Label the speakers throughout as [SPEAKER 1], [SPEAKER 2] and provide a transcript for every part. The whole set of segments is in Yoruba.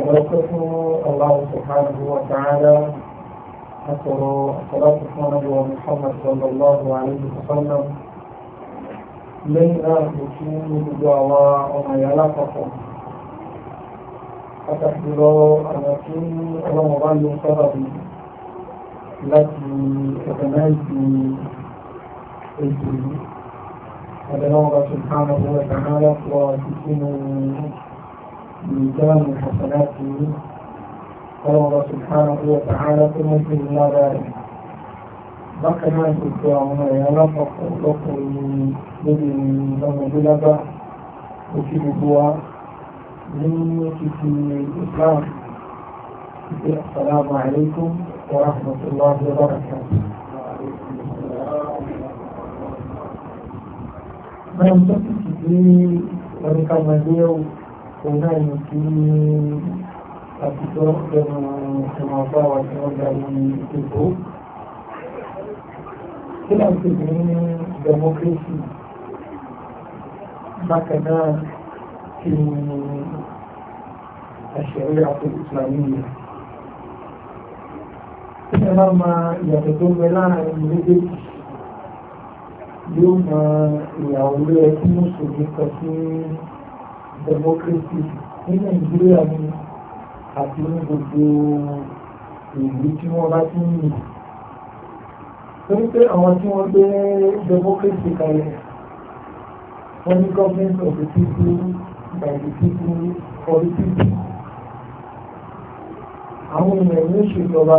[SPEAKER 1] أبركته الله سبحانه وتعالى أثر صلاة محمد ومحمد صلى الله عليه وسلم lẹ́yìn náà kò kí ní gbogbo àwọn ọmọ ìyá lápapọ̀ pàtàkì lọ àwọn tí ọlọ́mọ bá ló ń sábà bí láti ọ̀gánáìsì ètò yìí àdẹ́lọ́wọ́ bá ṣe ká ọmọ ìyá lápapọ̀ àti sínú ميزان حسناته قال الله سبحانه وتعالى كما في النار bákanáà ti fi àwọn ẹ̀yà alápapọ̀ lọ́kùnrin lórí ìrìnlọ́mọdélábá òkè gbogbo wa ní títí islam ìpé assalamu alaikum wa rahmatullahi wa barakatuh Bẹ́ẹ̀ni tó ti ti gbé oníkàmọ̀lẹ́ òun náà ní kí àtijọ́ ẹnu ìmọ̀ bá wà tí wọ́n darí ètò kí náà ti ní democracy bákan náà kí ni àṣẹ̀rí àti ìsìlámíyà kí ni wọ́n máa yàtọ̀ tó ń bẹ láàrin méjèèjì yóò máa ìyàwó rẹ̀ tí mùsùlùmí kan sí democracy ní nàìjíríà ni àti ní gbogbo ìlú tí wọ́n bá ti ń yìn torí pé àwọn tí wọ́n gbé democracy kalẹ̀ wọ́n ní government of the people by the people for the people àwọn èèyàn ní ìṣèjọba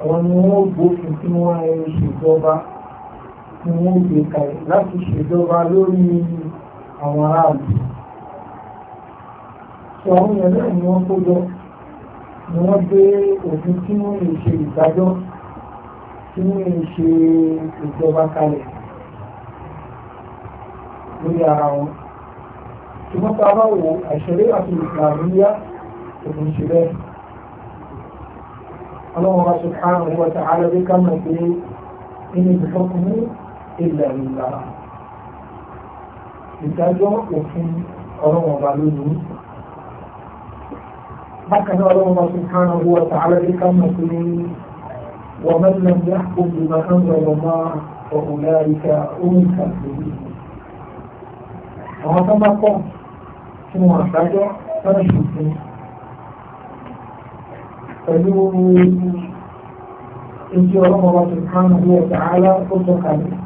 [SPEAKER 1] àwọn ni wọ́n gbófin tí wọ́n á ṣèjọba tí wọ́n gbé kalẹ̀ láti ṣèjọba lórí àwọn aráàlú sọ àwọn èèyàn náà ni wọ́n kó jọ ni wọ́n gbé òfin tí wọ́n lè ṣe ìdájọ́ tí wọ́n lè ṣe ìjọba kalẹ̀ lórí ara wọn ṣùgbọ́n tá a bá wo àṣẹlé àti ìsìlámíyá òfin ṣe bẹ́ẹ̀ ọlọ́run wa subhanahu wa ta'ala bí ká mọ̀ pé inú ìfọkùnrin ilẹ̀ ìlànà ìdájọ́ òfin ọlọ́run ọba lónìí هكذا الله سبحانه وتعالى بكم مكرمين ومن لم يحكم بما انزل الله فاولئك هم الكافرون وما تم قوم شنو محتاجة أنا شوفي فلو إنتي رب الله سبحانه وتعالى قصدك عليه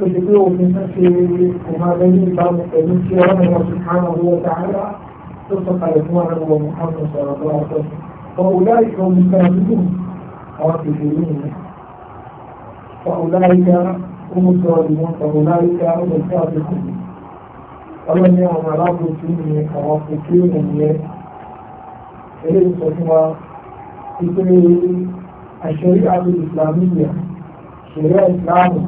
[SPEAKER 1] فشكوه في نفسي وما بيني وبينك فإنتي رب سبحانه وتعالى تصدق على جمعنا ومحمد صلى الله عليه وسلم فأولئك هم الكاذبون أو الكافرون فأولئك هم الظالمون فأولئك هم الكاذبون ọlọ́run ní àwọn alábòsí ni àwọn kòkí ènìyàn eléyìí sọ fún wa wípé àṣẹrí àti ìsìlámìyà ṣẹ̀ríà ìsìlámù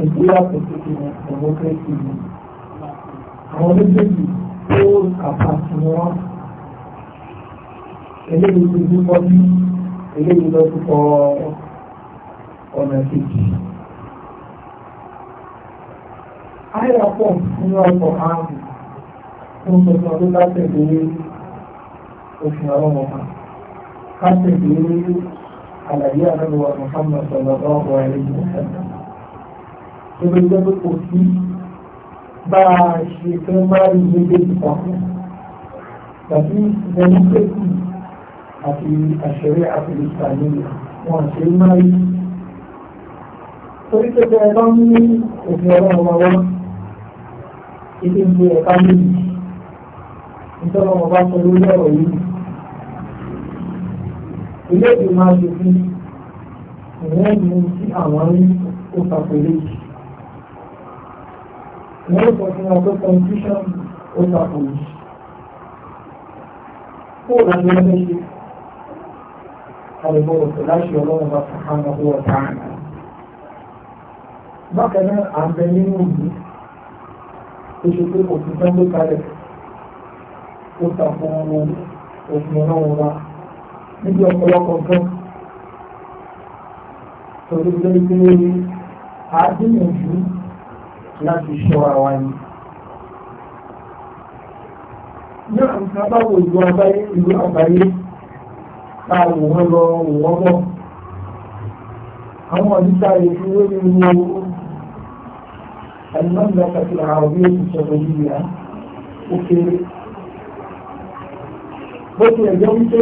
[SPEAKER 1] ìgbéyàwó tuntun ni democracy ni àwọn méjèèjì tó àpàtì wọn eléyìí ti ní bọ́dí eléyìí lọ sí kọ ọ̀nà kejì. Àyà pọ̀ nínú ọkọ̀ ààrùn fún tuntun ọdún látẹ̀lé òfin ọlọ́mọ kan. Kátẹ̀lé àlàyé àdánwò Muhammad sallallahu alaihi wasallam. Ìgbésẹ̀ pé kò sí bá a ṣe fẹ́ máa rí gbogbo ìpapọ̀ tàbí ìdánilẹ́kùn àti àṣẹrẹ àfẹnìkà ni wọn ṣe máa rí. torí pé bẹ́ẹ̀ bá ń ní òfin ọlọ́run wa wá ilé ìgbé ẹ̀ka lónìí nítorí wọn bá sọ lórí ọ̀rọ̀ yìí. ilé ìgbìmọ̀ aṣòfin ìwọ́n mú sí àwọn orí ó sàpèlè yìí wọ́n sọ fún wọn pé constitution ó tako yìí kó o láti ẹgbẹ́ ṣe àlùbọ̀ òtò láṣẹ ọlọ́run bá fún àwọn ọmọ ọ̀tá àná bákan náà à ń bẹ nínú ìlú tó ṣe pé òfin tó ń gbé kalẹ̀ ó tako òfin ọlọ́run wa níbi ọ̀pọ̀lọpọ̀ gan torí pé àádìyànjú láti ṣọ́ ara ni. Náà nǹkan bá wo ìlú àgbáyé ìlú àgbáyé ta wò wọ́n lọ wò wọ́n bọ̀. Àwọn ọ̀dísà rẹ̀ fi wé ní ìlú Alimọ́nìlá kàtí àwọn òbí ètò ìṣẹ̀lẹ̀ yìí yá ó kéré. Bó ti ẹ̀jọ́ wípé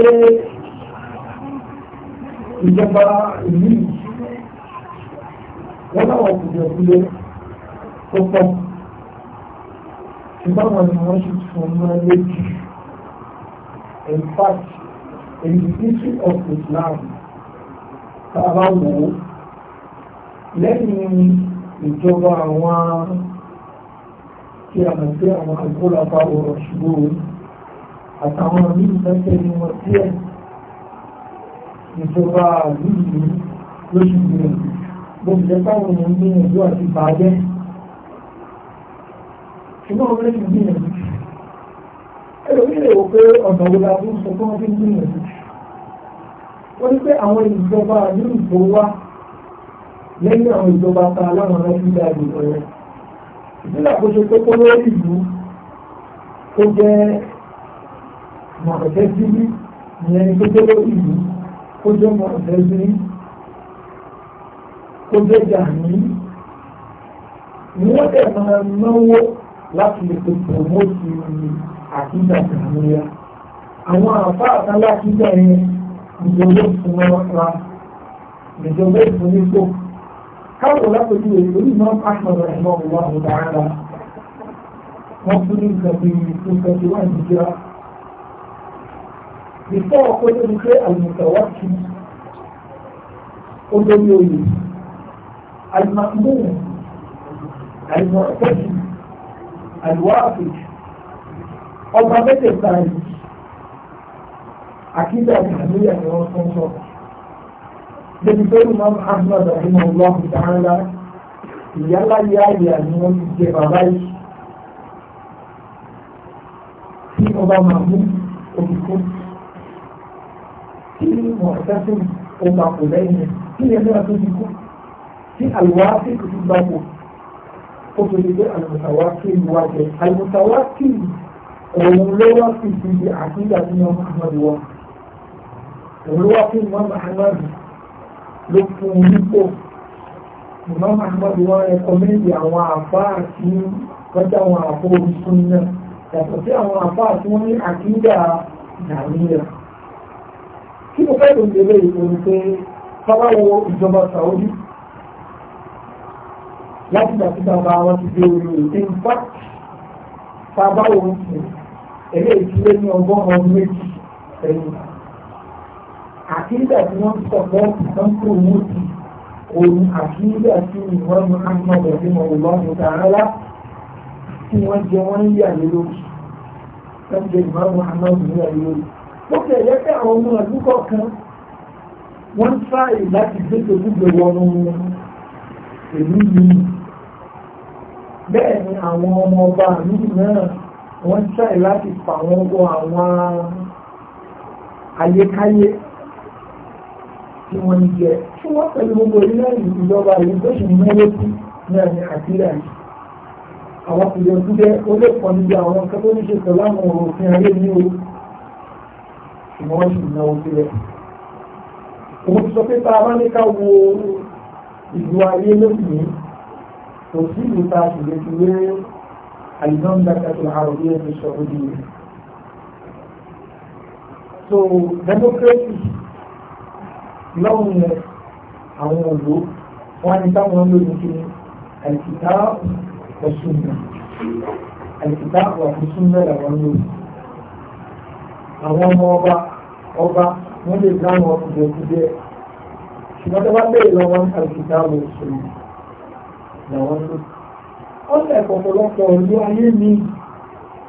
[SPEAKER 1] ìjọba ìlú yìí wọ́n láwọn kùdìẹ̀kùdìẹ̀ tó pọ̀ ṣùgbọ́n àwọn ni wọ́n ṣe fún ọmọ lójú in fact in the history of Islam tá a bá wò ó lẹ́yìn ìjọba àwọn tí a mọ̀ sí àwọn agbóhùnlápá ọ̀rọ̀ ṣùgbọ́n àtàwọn míì fẹ́fẹ́ ni wọ́n díẹ̀ ìjọba àlùyìí lóṣù gbìyànjú gbogbo ìjọba àwọn ènìyàn gbìyànjú àti bàjẹ́ ṣùgbọ́n orí ti gbìyànjú ẹlòmí lè wò pé ọ̀nà wo la fún sọ fún wọn fi ń gbìyànjú wọ́n ní pé àwọn ìjọba ní ìbò wá lẹ́yìn àwọn ìjọba ta láwọn ará fi dá ìbò rẹ̀ nígbà tó ṣe pé kó lórí ìlú tó jẹ́ mọ̀ọ̀tẹ́ síbí ìyẹn ni tó jẹ́ lórí ìlú tó jẹ́ mọ̀ọ̀tẹ́ síbí tó jẹ́ jàmí ni wọ́n máa náwó láti lè fi promote àtijọ́ ìmúlẹ̀. Àwọn àfa àtàn látijọ́ yẹn ìjọba ìfún ọ̀ra ìjọba ìfún nípò. Káwọn lápẹ̀jú èyí orí máa ń pàṣẹ ẹ̀mọ́ ìwà àwọn dáadáa. Wọ́n fún ní nǹkan bí two thirty one ìjọba. Bìfọ́ ọkọ̀ tó ti pé àlùmọ̀tàwá kì í olórí oyè. Àlùmọ̀tàwá kì í àlùmọ̀tàwá kì í àlùwàfù ọba mẹ́tẹ̀ẹ̀ta yìí àkídà ìhàmíyà ni wọ́n tún sọ. Débi pé Imam Ahmad Rahimahullah Ta'ala ìyálà yáàyà ni wọ́n ti jẹ bàbá yìí. Tí ọba Mahmud olùkọ́ tí Mọ̀tẹ́sìn ọba kò lẹ́yìn tí ẹgbẹ́ àtúntò kú tí àlùwàfù ti gbàgbọ́ obìnrin pé àlùmọ̀tàwákìl wà jẹ́ àlùmọ̀tàwákìl òun ló wá sí ibi àkíyà ní ọmọ ahmad wa òun ló wá sí ìmọ̀ ahmad ló fún un nípò ìmọ̀ ahmad wa ẹ̀kọ́ méjì àwọn àbá àti kọjá àwọn àbó orísun náà yàtọ̀ sí àwọn àbá àti wọ́n ní àkíyà nàìjíríà kí mo fẹ́ lòdì eléyìí òun pé fọwọ́ ìjọba saudi láti gbà tí bàbá wọn ti dé orí òfin fà bàbá òun sì ẹlẹ́ ìdílé ní ọgọ́rùn ọdún méjì ẹ̀yìn àkíńdà tí wọ́n ń sọ̀tọ́ ìtọ́jú òmùtì òun àkíńdà tí ìwọ́n mú ahmed ọ̀dẹ́mọ̀ ọlọ́run tààrà tí wọ́n jẹ wọ́n ń yà lé lórí wọ́n jẹ ìwọ́n mú ahmed ń yà lé lórí. ó kẹ̀lẹ́ pé àwọn ọmọ ìlú kọ̀ọ̀kan wọ́n ń fáyè láti gbé tòlúgbẹ̀ wọnú èmi yìí bẹ́ẹ̀ ni àwọn ọmọ ọba mi náà wọ́n tẹ̀ láti fà wọ́n wọ àwọn ayékáyé tí wọ́n ń jẹ tí wọ́n pẹ̀lú gbogbo ilé ìjọba yìí tó sì mẹ́rẹ́ sí náà ní àtìlẹ́ yìí àwọn kùdẹ̀ kùdẹ̀ ó lè pọ̀ níbi àwọn kẹ́kọ̀ọ́ ní ṣe pẹ̀lú àwọn òfin ayé ní o ṣùgbọ́n wọ́n sì náwó sílẹ̀ òun ti sọ pé tá a bá ní ká wo ìlú ayé lónìí وفيه تاكلية المملكة العربية السعودية so democracy lọ́wọ́ yẹn àwọn òlò wọn ni táwọn olóyún kí ni àìsíta ọ̀ṣunà àìsíta ọ̀ṣunà làwọn olóyún àwọn ọmọ ọba ọba wọn lè dáhùn ọkùnrin ẹ̀kú díẹ̀ ṣùgbọ́n tó bá bẹ̀rẹ̀ lọ́wọ́ àìsíta ọ̀ṣunà làwọn tó ó lẹ̀ pọ̀pọ̀lọpọ̀ ìlú ayé mi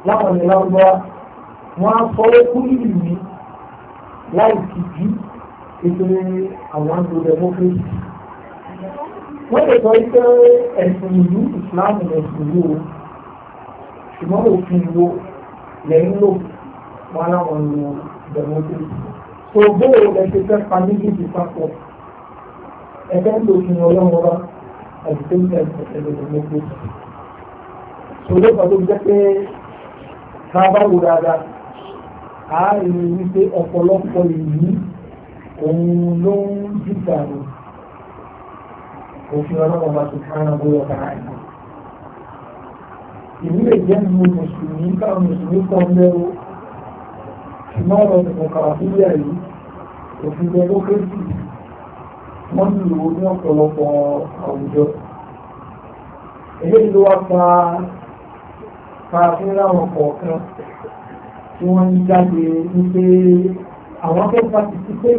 [SPEAKER 1] láwọn ìlà ọgbà wọn á fọwọ́ kú ìlú mi láì tìjú nítorí àwọn àgbò democracy wọ́n lè sọ pé ẹ̀sìn ìlú Islam ẹ̀sìn ìlú o ṣùgbọ́n òfin ìlú lẹ́yìn lò wọn láwọn ìlú democracy tó bóòlù ẹ̀ṣẹ̀ fẹ́ pa méjèèjì papọ̀ ẹ̀fẹ́ ń lò fún ọlọ́run ọba at the same time kò tẹ̀lé wọn lóko. a bá wò dáadáa a rí i wípé ọ̀pọ̀lọpọ̀ ìlú òun ló ń dìgbà rẹ̀ òfin ọlọ́run bá ti kán náà bóyá ọ̀tá àìsàn. ìlú lè jẹ́ nínú mùsùlùmí káwọn mùsùlùmí kan lẹ́rú ṣùgbọ́n ọ̀rọ̀ ìfọ̀kàwà sílẹ̀ yìí òfin ọlọ́run wọ́n ń lò ó ní ọ̀pọ̀lọpọ̀ àwùjọ. Eléyìí ló wá fa fàáfin láwọn kọ̀ọ̀kan tí wọ́n ń jáde wípé àwọn tó participate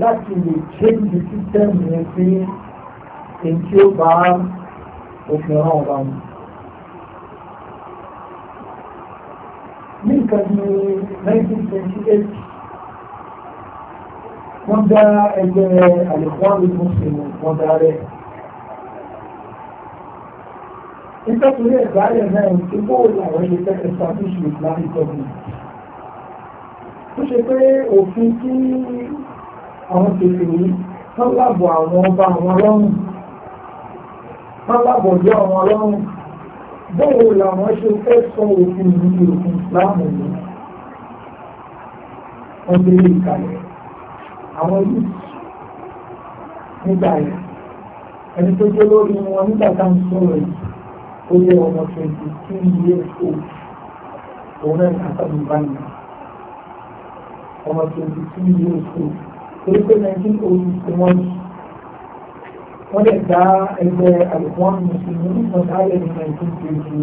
[SPEAKER 1] láti lè change the system yẹn sí èyí tí ó bá òfin ọ̀rọ̀ ọ̀bá mu. Ní nǹkan 1928 wọ́n dá ẹgbẹ́ àlèkọ́rù muslim wọ́n dá rẹ̀. nítorí ẹ̀dá rẹ̀ náà ti bó làwọn ilé tẹ́tẹ́ establish islamic government. ó ṣe pé òfin tí àwọn kékeré wọ́n lábọ̀ àwọn ọba àwọn ọlọ́run wọ́n lábọ̀ bí àwọn ọlọ́run bóòwò làwọn ṣe fẹ́ sọ òfin yìí òfin ìsìláàmù yìí wọ́n gbé ìkàlẹ̀ àwọn yìí nígbà yìí ẹni tó jẹ́ lórí wọn nígbà tá à ń sọ̀rọ̀ yìí ó jẹ́ ọmọ twenty two years old òun náà àtàlù báyìí ọmọ twenty two years old torí pé nineteen old ti wọ́n yìí wọ́n lè dá ẹgbẹ́ àlùkùn mùsùlùmí nígbà tá a lè ní nineteen twenty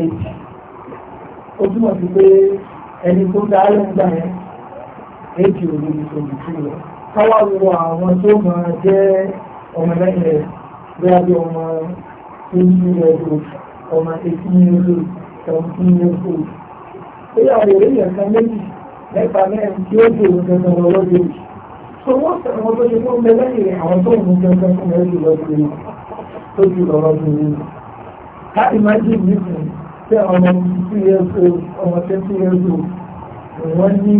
[SPEAKER 1] eight ó túmọ̀ sí pé ẹni tó dá ẹgbẹ́ yẹn méjì òru káwá wo àwọn tó máa jẹ́ ọmọ lẹ́yìn rẹ̀ bóyá bí ọmọ twenty years old ọmọ eighteen years old seventeen years old bóyá àwọn èèyàn kan méjì mẹ́ta mẹ́rin tí ó dé òun dandan lọ lọ́dẹ òjì so wọ́n sọ àwọn tó ṣe fún ọmọ lẹ́yìn rẹ̀ àwọn tó òun dandan fún ẹ̀rọ lọ́dẹ òjì tó ju lọ́rọ́ bí òun ká ìmájì nìkan tí ọmọ two years old ọmọ twenty years old wọ́n ní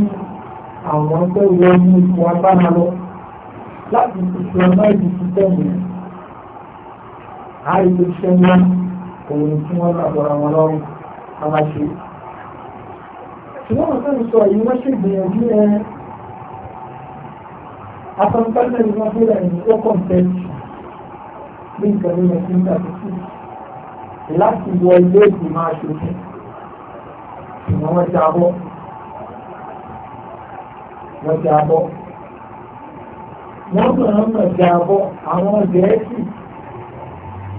[SPEAKER 1] àwọn tó wọ ní ipò agbára lọ láti ìṣe ọmọ ìdí títẹ̀ mi. àìsí iṣẹ́ ńlá òun tí wọ́n bá bọ̀rọ̀ wọn lọ́rùn ká má ṣe. ṣùgbọ́n wọn fẹ́ẹ́ sọ èyí wọ́n ṣe gbìyànjú ẹ afẹ́fẹ́fẹ́ ni wọ́n fẹ́ràn ní ó kọ̀ǹtẹ́ẹ̀tì bí nǹkan ní ẹ̀sìn tàbí sí láti wọ ilé ìgbìmọ̀ aṣòfin ìwọ̀n wọn jábọ́ wọ́n ti abọ́. Wọ́n mọ̀ ọ́n mọ̀ ti abọ́ àwọn Gẹ̀ẹ́sì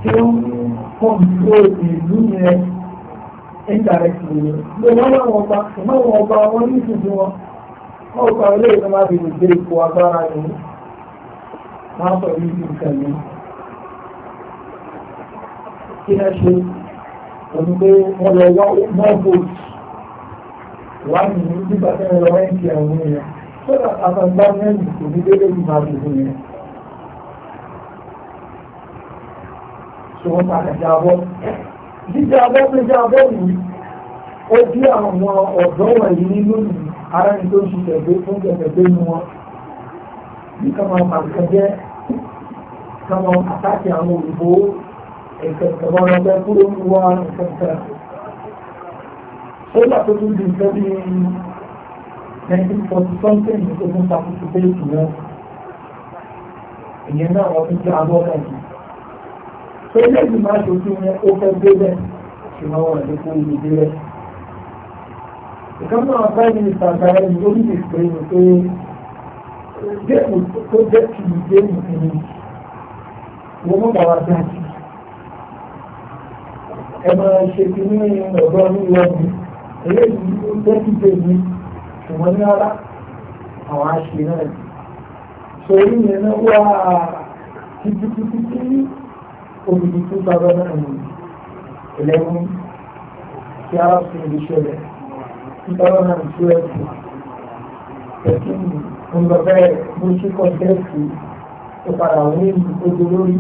[SPEAKER 1] tí ó ń kọ̀ǹtró ìlú yẹn indirectly ni. Bí wọ́n máa wọ ọba, ìmọ̀ wọ ọba wọn ní ìsìnkú wọn. Wọ́n gba ilé ìlú máa fi gbé ipò agbára yìí. Máa sọ yìí ti nǹkan yìí. Kí ẹ ṣe? Òní pé wọ́n lọ wá mọ́ọ̀bù wá nìyí nígbà tí wọ́n lọ ẹ̀ ń ti àwọn èèyàn kódà àwọn ọgbà mẹ́rin kò ní délé ìgbà gbogbo yẹn. ṣùgbọ́n padà já bọ́. jíjẹ abọ́ tó já bọ́ yìí ó dí àwọn ọ̀dọ́ wọ̀nyí nínú yìí ara ní tó ń ṣiṣẹ́ gbé fún gbẹ̀gbẹ̀gbẹ̀ nu wọn. bí kàmá pàṣẹ jẹ́ kàmá àtàkì àwọn òyìnbó ìkẹ̀kẹ̀ wọn ọgbẹ́ kúrò ń wá ìkẹ̀kẹ̀ nineteen forty something ní tó tún takùtù péjì náà ìyẹn náà wọ́n tún jẹ́ abọ́lá yìí pé lẹ́yìn máa ṣojú yẹn ó fẹ́ délẹ̀ ṣùgbọ́n wọn lè kó ibi délẹ̀ ìkan náà prime minister àgbáyé ní lórí ìpè ní pé géèmù tó jẹ́ kì í géèmù kìíní wọ́n mú bàbá dájú ẹ máa ṣe kìíní ọ̀dọ́ ní lọ́ọ̀dù eléyìí tó jẹ́ kìí géèmù ṣùgbọ́n ní ọlá àwọn aṣe náà ni ṣe orí yẹn náà wá títí títí tí òbí tó bàbá náà ni ẹlẹ́wọ̀n tí a fi ìlú ṣẹlẹ̀ tí bàbá náà ń tó ẹ̀sìn ẹ̀sìn ìgbàgbẹ́ bó ṣe kọ́ sẹ́ẹ̀sì tó lórí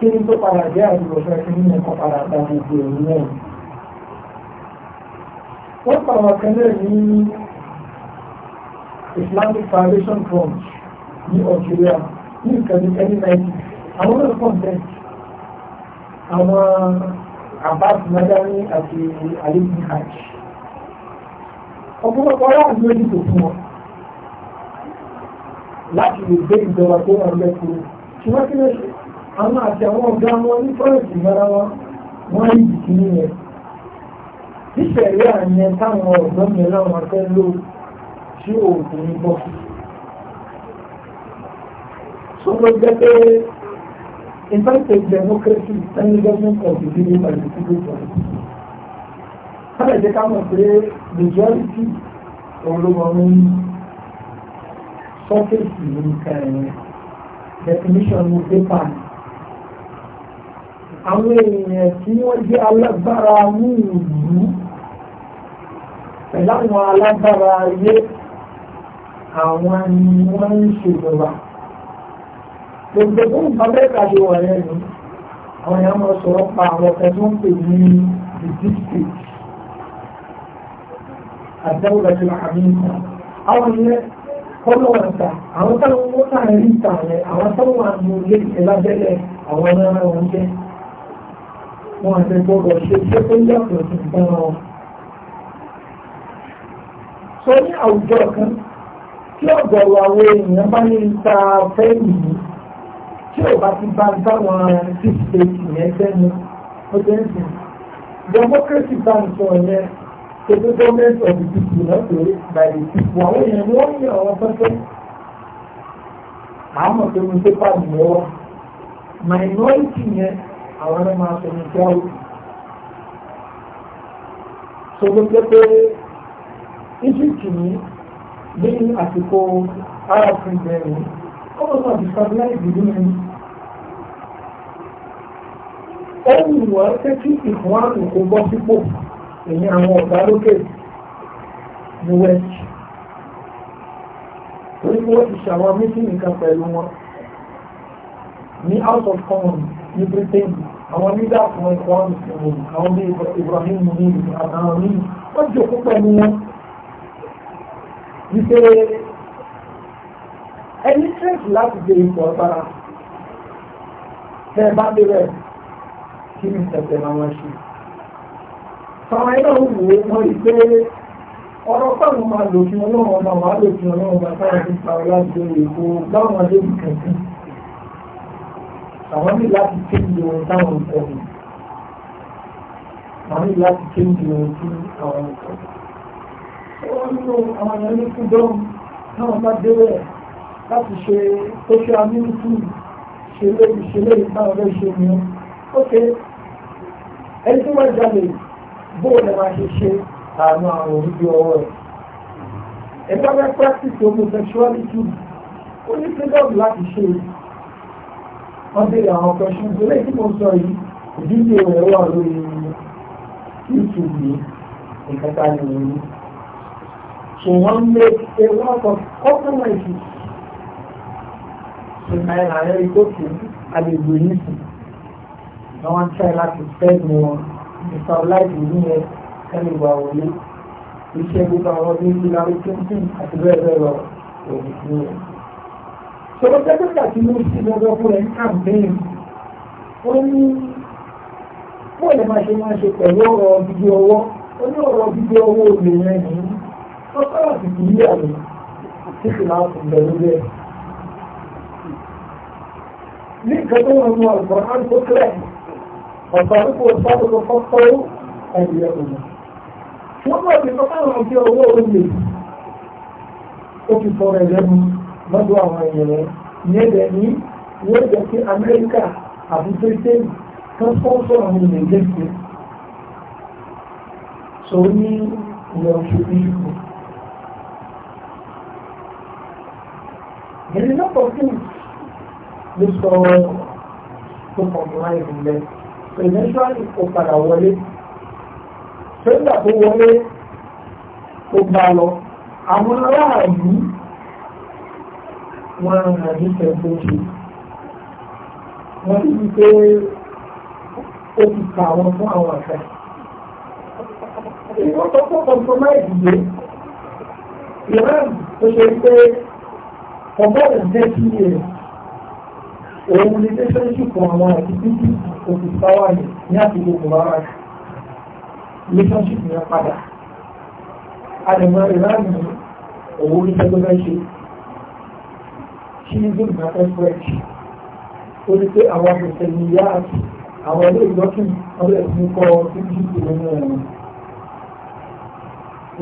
[SPEAKER 1] kí ni tó padà jẹ́ àdúgbò fẹ́ nínú ẹ̀kọ́ padà dá gbogbo wọ́n pa àwọn ní Islamic Foundation Fund ní Algeria ní ìkànnì ẹni náìjí àwọn náà kàn bẹ́ẹ̀ àwọn Abbas Madani àti Alibin Hajj ọ̀pọ̀lọpọ̀ aláàbò ló dìbò fún wọn láti lè gbé ìjọba tó wà lẹ́kọ̀ọ́ ṣùgbọ́n kí ló ṣe àwọn àti àwọn ọ̀gá wọn ní fọ́ọ̀sì mara wọn wọ́n rí ìdíkì nìyẹn. Tíṣẹ̀rí àyẹn táwọn ọ̀gbọ́n mi láwọn afẹ́ lóòrùn tí oògùn ń bọ̀. tó ló jẹ́ pé in fact it's democracy and government of the people by the people for it. sábà jẹ́ ká mọ̀ pé majority olóòórùn sọ́fẹ̀sì ní nǹkan ẹ̀yẹn definition ní pépà ni àwọn èèyàn tí wọ́n jẹ́ alágbára ní ìlú pẹ̀lú àwọn alágbára ayé àwọn ni wọ́n ń ṣèjọba gbogbo tó ń kan bẹ́ẹ̀ kàṣe wà lẹ́nu àwọn èèyàn mọ̀ sọ̀rọ̀ pa àwọn ọ̀fẹ́ tó ń pè ní the district àdáwòrán ti máa mí nǹkan àwọn ìyẹn kọ́lọ́wọ̀ta àwọn táwọn wọ́n náà rí ìta rẹ̀ àwọn táwọn àmì ilé ìṣẹ́ lábẹ́lẹ̀ àwọn ẹran wọn jẹ́ wọn àti gbọ́dọ̀ ṣe ṣé tó yàtọ̀ sí ìbára wọn. sọ ní àwùjọ kan tí ọ̀gọ̀rọ̀ àwọn èèyàn bá ní ta fẹ́ yìí tí ò bá ti bá táwọn six eight yẹn sẹ́nu ó ti ń sìn. democracy bá ń sọ yẹn ṣe pé government of the people náà pé by the people àwọn èèyàn ni wọ́n ń yàn wọ́n fẹ́fẹ́. àmọ́ pé mo ṣe pàdé lọ́wọ́ minority yẹn àwọn ọmọ asọ̀rọ̀ ìjà òkú. sọ ló pé pé egypt yìí ní àsìkò ara fún ìbẹ̀rẹ̀ ó lọ sọ destabilize ìlú mi. ó wù wá pé kí ìfún àtòkò bọ́ sípò èyí àwọn ọ̀gá lókè ní west torí wọ́n ti ṣàwọn mítìnì kan pẹ̀lú wọn ní out of commons ní britain àwọn leader fún ẹ̀kọ́ àwọn bíi ibrahim munir àtàwọn míì wọ́n jòkó pẹ̀lú wọn. wípé ẹni tẹ́sí láti gbé ipò ọ̀gbára tẹ́ ẹ bá bẹ̀rẹ̀ kí ni tẹ̀tẹ̀ máa wọ́n ṣe. Fáwọn ẹ̀rọ ń wò ó wọ́n rí pé ọ̀rọ̀ pẹ̀lú máa lò fún ọlọ́run ọba wàá lò fún ọlọ́run ti pa ọlá gbé èkó Àwọn ní láti kéde ohun táwọn ń Àwọn ní láti kéde ohun tí àwọn ń wọ́n tó àwọn èèyàn ní freedom náà bá débẹ̀ láti ṣe social ministry ṣeré ìṣeré ìbára lè ṣe ni ok ẹni tí wọ́n jalè bóòlù máa ṣe ṣe àrùn àrùn orí ọwọ́ rẹ̀ ẹ̀ka bá practice homosexuality ó ní freedom láti ṣe wọ́n béèrè àwọn question tó lẹ́yìn tí mo sọ yìí ìdíje rẹ̀ wà lórí YouTube yìí nǹkan tá a lè So one makes a lot of compromises. So I had a question, I will do anything. No one tried oh, like to spend more. The sunlight is in it, tell me about it. Iṣẹ́ gbogbo àwọn ọdún yìí lárí tuntun àti bẹ́ẹ̀ bẹ́ẹ̀ lọ òní sí rẹ̀. Sọ̀rọ̀ tẹ́tẹ́tà tí mo ṣe lọ́dọ̀ fún ẹ̀ ń kàmpéyìn. Ó ní bóyá máa ṣe máa ṣe pẹ̀lú ọ̀rọ̀ gidi ọwọ́. Ó ní ọ̀rọ̀ gidi ọwọ́ obìnrin nìyí. Mọ́sálà ti kì í yà mí títí náà kò bẹ̀rù bẹ́ẹ̀. Ní nǹkan tó wọn mú àlùkòrán tó kílẹ̀, ọ̀sán kò sáré lọ fọ́fọ́rú ẹ̀yẹ òun. Wọ́n bá ti sọ́kà àwọn ọ̀gbìn owó oúnjẹ. Ó ti sọ̀rọ̀ ẹ̀lẹ́nu lọ́dọ̀ àwọn ènìyàn. Ìyẹn dẹ̀ ní wọ́n jẹ́ sí And a lot of things which are to compromise in them. So eventually, ó padà wọlé. Sẹ́ńdà tó wọlé tó gbà lọ. Àwọn aráàlú wọn rà ní tẹ̀sán ṣe. Wọ́n ti pé ó ti kà wọ́n fún àwọn àfẹ́. Ìwọ́n tó kọ́ compromise yìí. Ìran tó ṣe pé for more than thirty years òun ni relationship àwọn àti bíbí òkùnfáwà ní ní àtìkò kòbára relationship yẹn padà àdèmọ ìlànà òun ní sẹgbẹgbẹ ṣe ṣí ní gbogbo àfẹsẹrẹsì ó ní pé àwọn àfẹsẹ̀yìn ìyá àti àwọn ilé ìgbọ́kìn ọlẹ́ ìfún kọ́ bíbí ìlú ẹ̀rọ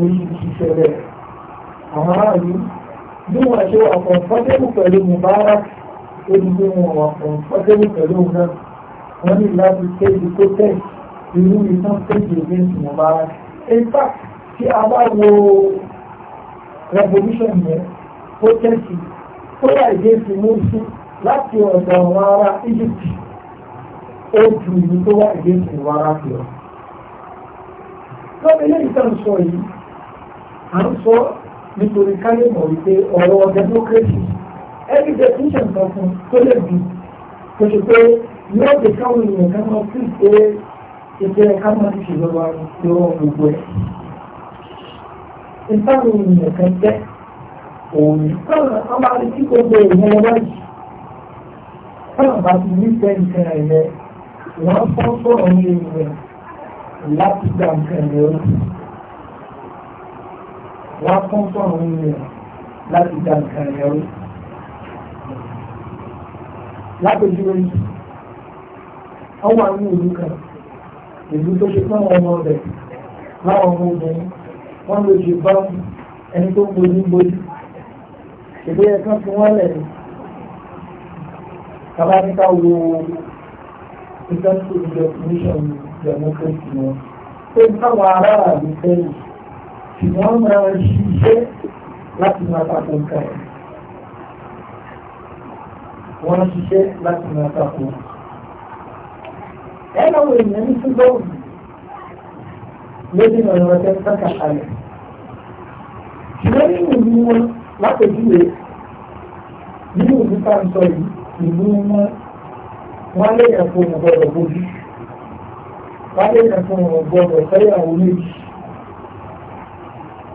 [SPEAKER 1] orí ìṣiṣẹ́ rẹ̀ àwọn aráàlú bí wọ́n ṣe wà kọ̀ǹfọ́tẹ́bù pẹ̀lú Mubarak ebi tí wọ́n wà kọ̀ǹfọ́tẹ́bù pẹ̀lú náà wọ́n ní láti kéde tó tẹ̀ irú ìtàn kéde against Mubarak in fact tí a bá wo revolution yẹn protest tó yà against Morsi láti ọ̀dọ̀ àwọn ará Egypt ó ju ìlú tó wà against Mubarak lọ. lọ́pọ̀ ilé ìtàn sọ yìí à ń sọ nítorí káyé mọ̀ wípé ọ̀rọ̀ democracy every definition kan fún tó lè bì tó ṣe pé yóò dé káwọn èèyàn kan máa fi pé ètò ẹ̀ka máa ti ṣèjọba lọ́wọ́ gbogbo ẹ̀. ìtàwọn èèyàn kan jẹ́ òun káwọn ọmọ àti tí gbogbo èèyàn lọ́wọ́ yìí káwọn bá ti ní fẹ́ nǹkan ẹ̀yẹ wọ́n fọ́ sọ̀rọ̀ ní èèyàn láti gbà nǹkan ẹ̀yẹ wọ́n fún sọ̀rọ̀ ń rìn láti dá nǹkan ẹ̀rọ. lápèjú ẹni ọwọ́ àwọn ìlú kan ìlú tó ṣe fún ọmọ rẹ̀ láwọn ọmọ obìnrin wọ́n lè ṣe bá ẹni tó ń bojú bojú ìgbé ẹ̀ka fún wọn lẹ̀ ní. Bàbá ní ká wo ìtọ́jú ìjọ commission democracy wọn. Ṣé káwọn aráàlú fẹ́ràn? wọ́n máa ṣiṣẹ́ láti máa tako nǹkan ẹ̀ wọ́n ṣiṣẹ́ láti máa tako ẹ̀rọ èèyàn ní túbọ̀ọ̀nù lórí ọ̀rọ̀ ọ̀tẹ́ sáka kalẹ̀ ṣùgbọ́n nínú ìlú wọn látòjúwe nínú ìlú tá à ń sọ yìí ìlú wọn wọn lè yàn fún ọgbọ́dọ̀ bójú wọn lè yàn fún ọgbọ́dọ̀ fẹ́yàwó méjì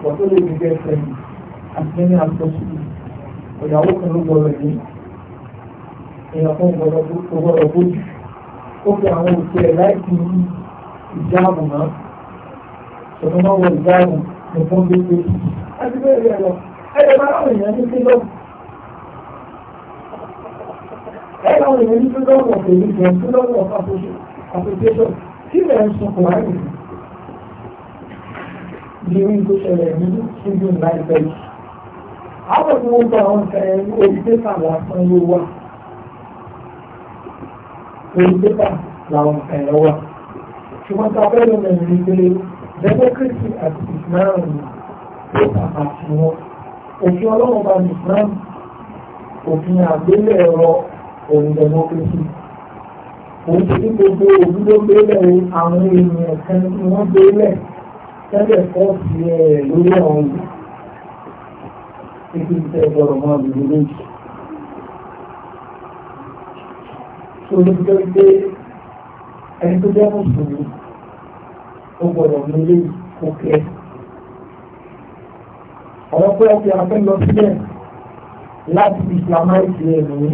[SPEAKER 1] ọ̀tọ́ lè ní gẹ́gẹ́ àti ní àtọ́sí ìyàwó kan ló gbọ́dọ̀ ní èèyàn kan gbọ́dọ̀ bójú ó fi àwọn òkè ẹ̀ láìpẹ́ ìjáàbù náà ṣùgbọ́n wọ́n wọ ìjáàbù nìkan gbégbé àti bẹ́ẹ̀ bẹ́ẹ̀ lọ ẹ̀rọ máa ń rìn ní kílọ̀mù ẹ̀rọ ìrìn ní kílọ̀mù ọ̀pẹ̀ ìjọ kílọ̀mù ọ̀pẹ̀ àpòṣe àpòṣe tí ilẹ̀ ń sọ kò wáyé ní orí tó ṣẹlẹ̀ ní ṣíjú láìpẹ́ yìí. Àwọn tí wọ́n gba àwọn nǹkan ẹ̀ ní orí pépà lásán ló wà. Orí pépà làwọn nǹkan ẹ̀ wà. Ṣùgbọ́n tá a fẹ́ lọ mẹ́rin ní pé democracy àti Islam pépà àti wọn. Òfin ọlọ́run bá ní Islam òfin àgbélẹ̀ ẹ̀rọ òun democracy tẹ́lẹ̀ kọ́ sí ẹ lórí àwọn ìlú títí tẹ́ gbọ́dọ̀ máa lòlú méjì. tó ló jẹ́ pé ẹni tó jẹ́ mùsùlùmí ó gbọ́dọ̀ mú ilé òkè. ọ̀rọ̀ pé ọkẹ́ afẹ́ lọ sílẹ̀ láti islamáìsì ẹ̀ nìyí.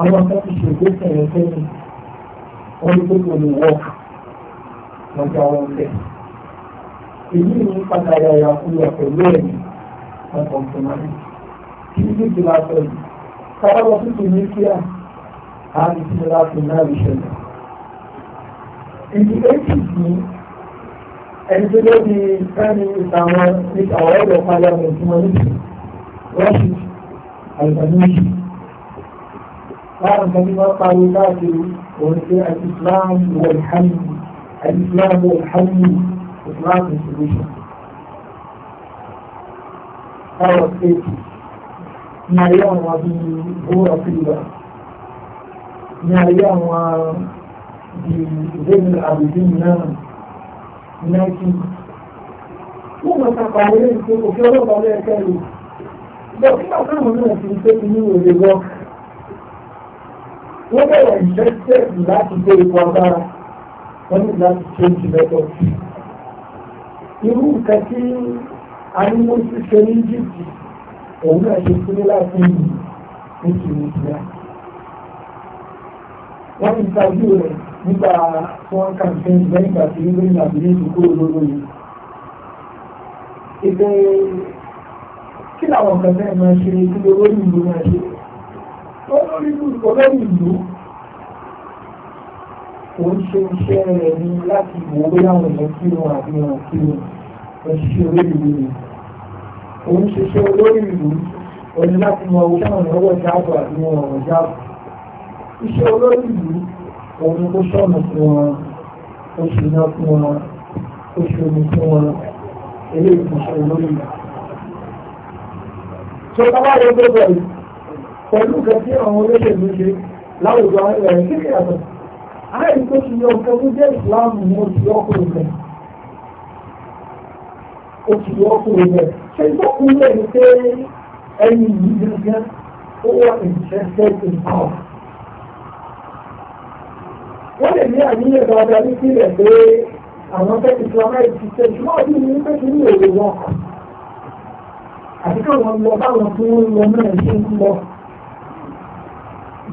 [SPEAKER 1] àwọn akẹ́kọ̀ọ́ ṣègbè sẹ̀yìn sẹ́yìn wọ́n ní kókò lè wọ́ọ̀kì wọ́n já wọn fẹ́. èyí ní pàtàkì ẹ̀yà fún ẹ̀ pẹ̀lú ẹ̀mí wọn kàn fún wọn. kí ni bí ìjìlá sọ yìí káwá lọ sí tòun ní kíá á ní kí ni láti náà lè ṣẹlẹ̀. ìdí èkì ní ẹni tó lé ní kánì ìtàwọn ní àwọn ọ̀dọ̀ palẹ̀ ọ̀dọ̀ tí wọ́n ní rọ́ọ̀ṣì láàrín kan ní wọ́n parí òun ṣe àti Islam wọ̀lhámù and Islamu Hayu Islam is solution. That was 80. Ní ayé àwọn bí Bóra Fílà, ní ayé àwọn bí Zayn al-Abidin náà, 90. Wọ́n mọ̀ sápa ayé ìpé òfin ọlọ́pàá lẹ́ẹ̀kẹ́ lò. Bọ̀ kí wọ́n káwọn náà fi pé kí ní òde gbọ́. Wọ́n bẹ̀rẹ̀ ìfẹ́ tẹ̀ láti gbé ipò agbára. wọ́n ní láti change method. irú nǹkan tí anímọ̀sí ṣe ní Egypt òun náà ṣe fún láti yìí ní Tunisia. wọ́n ní ìtajú rẹ̀ nígbà tí wọ́n campaign lẹ́yìn ìgbà tí wọ́n ní àbílẹ̀ ìdúgbò olóró yìí. ìgbẹ́ kí làwọn kan náà máa ṣe kí lórí ìlú máa ṣe. wọ́n lórí ìlú kò ń láti wò bóyá àwọn èèyàn kí wọn àbí wọn kí wọn ìlú ni kò ìlú òní láti mọ owó táwọn èèyàn jáàbù àbí wọn ọ̀rọ̀ jáàbù iṣẹ́ olórí ìlú òun kó sọ̀nù fún wọn oṣù náà fún wọn oṣù omi fún wọn eléyìí kò ṣe tó bá wà lóko bẹ̀rù pẹ̀lú kẹ́kẹ́ àwọn olóṣèlú ṣe láwùjọ àwọn àìrí tó ti yọ nǹkan tó jẹ́ ìsìláàmù ni ó ti yọ kúrò bẹ́ẹ̀ ó ti yọ kúrò bẹ́ẹ̀ ṣe tó kú lẹ̀ ní pé ẹni yìí gẹ́gẹ́ ó wà interested in power wọ́n lè ní àníyàn dáadáa ní sílẹ̀ pé àwọn fẹ́ ti fúnra máa ti ṣe ṣùgbọ́n ọdún ní pé kí ní èrè wọn àti káwọn lọ báwọn tó ń lọ náà ṣe ń lọ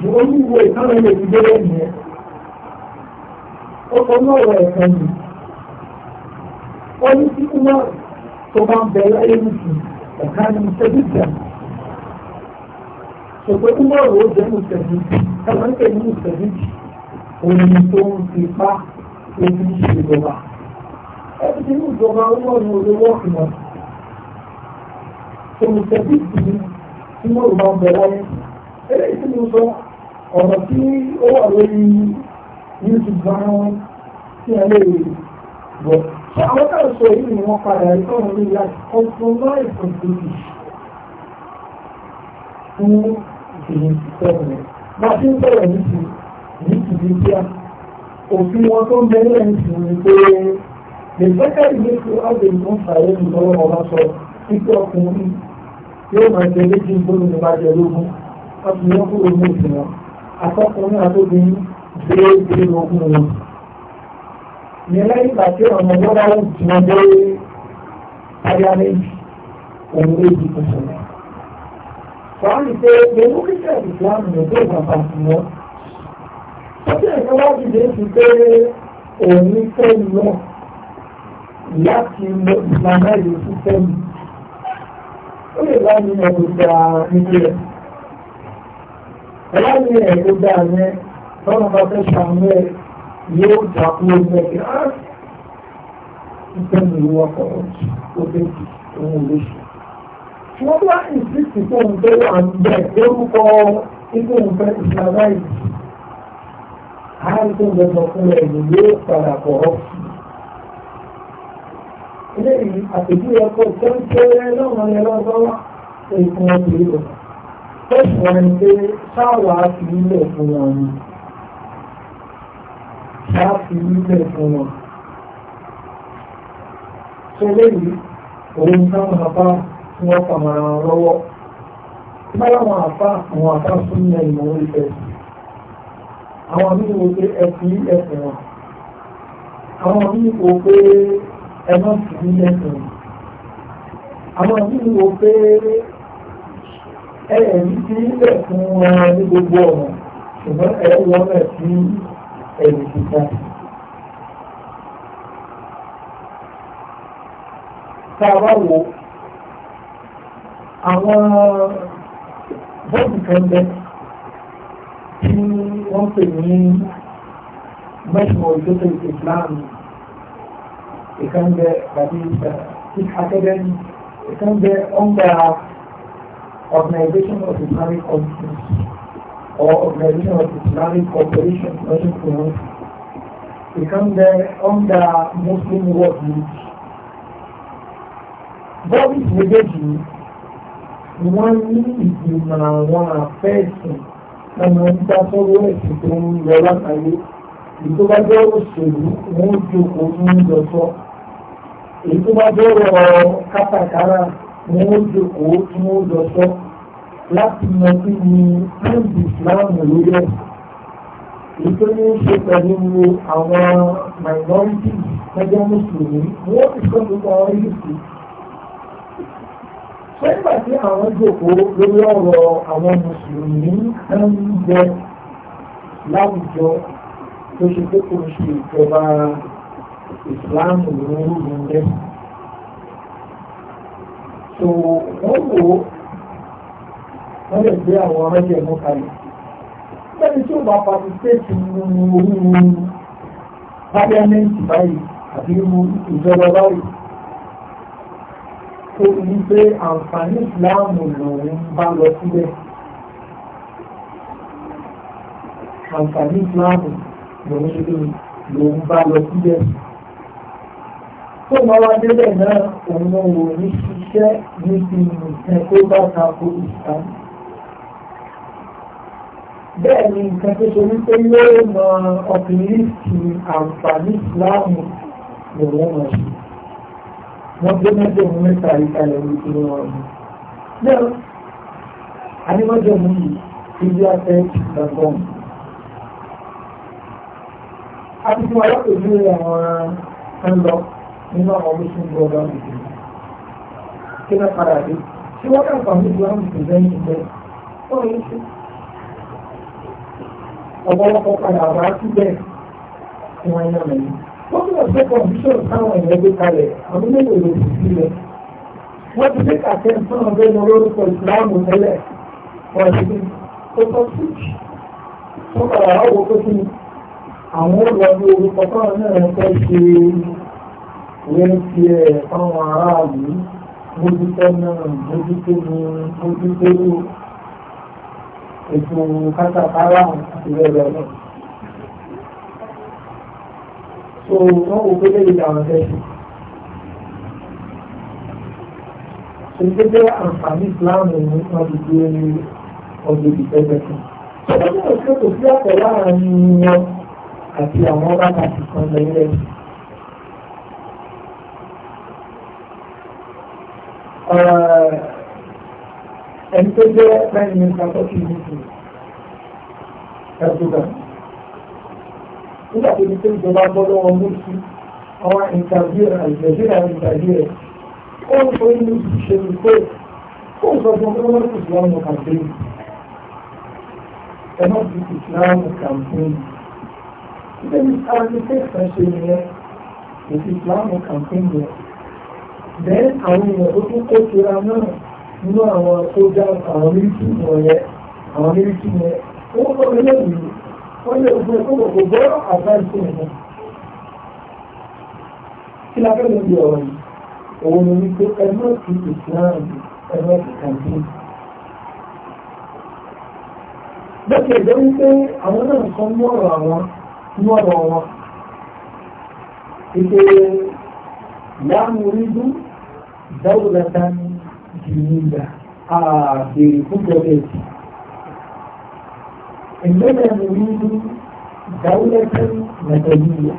[SPEAKER 1] ìwọ́n yíwo ìtàn rẹ̀ lè fi gbé lẹ́yìn ẹ̀ olóòrò ẹ̀sẹ̀ yìí wọ́n ní kíkú náà tó bá ń bẹ láyé nìkan ẹ̀ka ní sẹ́díjà ṣùgbọ́n kí wọ́n rò ó jẹ́ mùsẹ̀dí ẹ̀ka ń tẹ̀lé mùsẹ̀dí òní tó ń fi pa ojú ìṣèjọba ẹ̀ka ti ní ìjọba olóòrò olówó ọ̀kìnà tó mùsẹ̀dí yìí tí wọ́n rò bá ń bẹ láyé ẹ̀ka ìṣèjọba ọ̀rọ̀ tí ó wà lórí YouTube bá wọn tí ẹ lè rí bọ̀. Ṣé àwọn náà sọ èyí ni wọ́n padà rí tó ń rí láti ọdún láì kọ̀ọ̀kọ̀ọ̀kì fún ìṣẹ̀lẹ̀ ìṣẹ̀lẹ̀ Bá a ti ń sọ̀rọ̀ ní ti ní ti di bíà. Òfin wọn tó ń bẹ ní ẹni sì ni pé lè fẹ́kẹ́ ìwé tó ágbè tó ń fàyè mi lọ́wọ́ ọba sọ pípẹ́ ọkùnrin yóò máa jẹ méjì gbólóhùn bá jẹ lógún. Wọ́n ti yọ kúrò ní òfin wọn àtọkùnrin àtobìnrin déédéé ogún wọn. ní lẹ́yìn ìgbà tí ọ̀nà lọ́wọ́ jù wọn dé ayáléjì òun léjì kò sọ̀rọ̀. Fọ́nì pé ewu kíkẹ́ ìsìlámù ló dé bàbá mọ́. Ó sì ẹ̀ka wá dìde sí pé òun fẹ́ lọ láti lọ ìlànà ìlú fífẹ́ mi. Ó lè bá mi ẹ̀rù gba nílé láti ẹ̀ tó dá rẹ tọ́nà bá fẹ́ ṣàmú ẹ yóò dà kú omi ẹ̀ kí á ìpẹ́nu ìlú ọkọ̀ ó dé jù òun ò lè ṣe. wọ́n bá ìsìsì tó ń gbé wà ń bẹ̀ lórúkọ ikú ń fẹ́ ìṣàlá ìdí. àárín tó ń bẹ sọ fún ẹ̀ nìyí ó padà bọ̀ ọ́ ilé yìí àpèjúwe ọkọ̀ tó ń kéré lọ́wọ́ ni ẹlọ́gbọ́n wá èkó ń kẹ́sàn-án ni pé sáwà fi ilẹ̀ fún wọn ni sáà fi ilẹ̀ fún wọn. tó léyìí òun táwọn àbá tí wọ́n fà mọ́ra wọn lọ́wọ́ báwọn àbá àwọn àbá fún ilẹ̀ ìmọ̀ orí fẹ̀sì àwọn míì wo pé ẹ fi ẹsẹ̀ wọn àwọn míì wo pé ẹ má fi ilẹ̀ fún wọn àwọn míì wo pé ẹ̀yìn tí ilẹ̀ fún wọn ní gbogbo ọ̀nà ṣùgbọ́n ẹ̀ wọ́n náà sí ẹ̀yìn kíkà. tá a bá wo àwọn bọ́ọ̀dù kan bẹ tí wọ́n pè ní mẹ́sàn-án òjòtò Islam ìkan bẹ tàbí ìkan akẹ́dẹ́ni ìkan bẹ ọ̀nbà. Organization of Islamic Countries or Organization of Islamic Cooperation Project Force become the under Muslim World League. Bọ́ọ̀lù méjèèjì ni wọ́n ní ìgbìmọ̀ àwọn àfẹ́ẹ̀sìn ọmọ nípa sọ́wọ́ ẹ̀sìn tó ń lọ látàrí èyí tó bá jẹ́ òṣèlú wọn ó di okòó ní ìjọsọ èyí ọ̀rọ̀ kátàkárà ni wọ́n ṣe kó tí wọ́n lọ sọ láti mọ sí ni tíǹdì ìsìláàmù lórí ẹ̀. Ètò ní í ṣe pẹ̀lú àwọn minority ẹgbẹ́ mùsùlùmí wọ́n ti sọ gbogbo àwọn yìí Nígbà tí àwọn jókòó lórí ọ̀rọ̀ àwọn mùsùlùmí ń bẹ láwùjọ tó ṣe pé kò ṣe ìjọba ìsìláàmù lórí ìgbẹ́ tó báyìí àbí irú ìjọba báyìí tó ní pé àǹfààní ìsìláàmù lòun bá lọ síbẹ̀ àǹfààní ìsìláàmù lòun bá lọ síbẹ̀ tó máa wá délẹ̀ náà òun ò ní ṣiṣẹ́ níbi nǹkan tó bá ta ko ìsàn. bẹ́ẹ̀ ni nǹkan tó ṣe wípé yóò mọ ọkùnrin ti àǹfààní ìsìláàmù lòun mọ̀ sí. wọ́n gbé mẹ́jọ mú mẹ́ta ìkàlẹ̀ wípé wọ́n mú. náà àníwájọ mú yìí ibi afẹ́ ìgbàgbọ́n. a ti fún wa ìlú àwọn ẹ̀ńlọ nínú àwọn olóṣù gbọ́dọ̀ nìkan kí ló padà dé tí wọ́n kà fà mí gbọ́dọ̀ nìkan lẹ́yìn ìgbẹ́ ó lè ṣe ọ̀pọ̀lọpọ̀ padà wá síbẹ̀ tí wọ́n yàn lẹ́yìn wọ́n tún lọ sí kọ̀ǹpútà táwọn èèyàn gbé kalẹ̀ àwọn mélòó ló fi sílẹ̀ wọ́n ti fi kàtẹ́ fún ọgbẹ́ ní orúkọ ìsìláàmù tẹ́lẹ̀ wọ́n ti fi ó síkì wọ́n padà wá wò ó pé àwọn olùwàbí orúkọ táwọn náà fẹ́ ṣe é ìyẹn ti ẹ̀ fáwọn aráàlú mójútó náà mójútó ní mójútó ètò kátàkárà àti bẹ́ẹ̀ bẹ́ẹ̀ lọ. so wọ́n wò pé lẹ́yìn làwọn fẹ́ ṣe. Ìgbẹ́jẹ́ àǹfààní ìsìláàmù ní ọdún orí ọdún ìfẹ́gbẹ̀kan. Ọdún ìfẹ́ kò sí àtẹ̀ láàárín wọn àti àwọn bàtà kan lẹ́yìn lẹ́yìn. Eh, ẹni tó jẹ́ prime minister tọ́kì nìkan Erdogan nígbà tó ti pé ìjọba gbọ́dọ̀ wọn mú sí àwọn ìtàgé rẹ̀ nàìjíríà ìtàgé rẹ̀ ó ń sọ inú ìṣe ní pé ó ń sọ fún ọmọ ìsìlámù campaign ẹmọ ti ìsìlámù campaign ilé ní àwọn ilé ìfẹsẹ̀ yẹn ìsìlámù campaign yẹn bẹ́ẹ̀ àwọn èèyàn tó tún kó tura náà nínú àwọn sójà àwọn mílítì wọ̀nyẹn àwọn mílítì yẹn wọ́n kọ́ mi lẹ́yìn wọ́n lè fún ẹ̀kọ́ kò kò gbọ́ àbáṣe ẹ̀mọ́ kí la fẹ́ lóbi ọ̀rọ̀ yìí òun ni wípé ẹgbẹ́ ti ìsìláàmù ẹgbẹ́ ti bẹ́ẹ̀ jẹ́ wípé àwọn náà sọ mú ọ̀rọ̀ àwọn mú ọ̀rọ̀ wọn ìpè láàmú rí dún dáwùlátà jìnnìyà àbèrè fún gọ́ọ̀mẹ̀ntì ìmọ̀lẹ̀ mi rí dáwùlátà nàìjíríà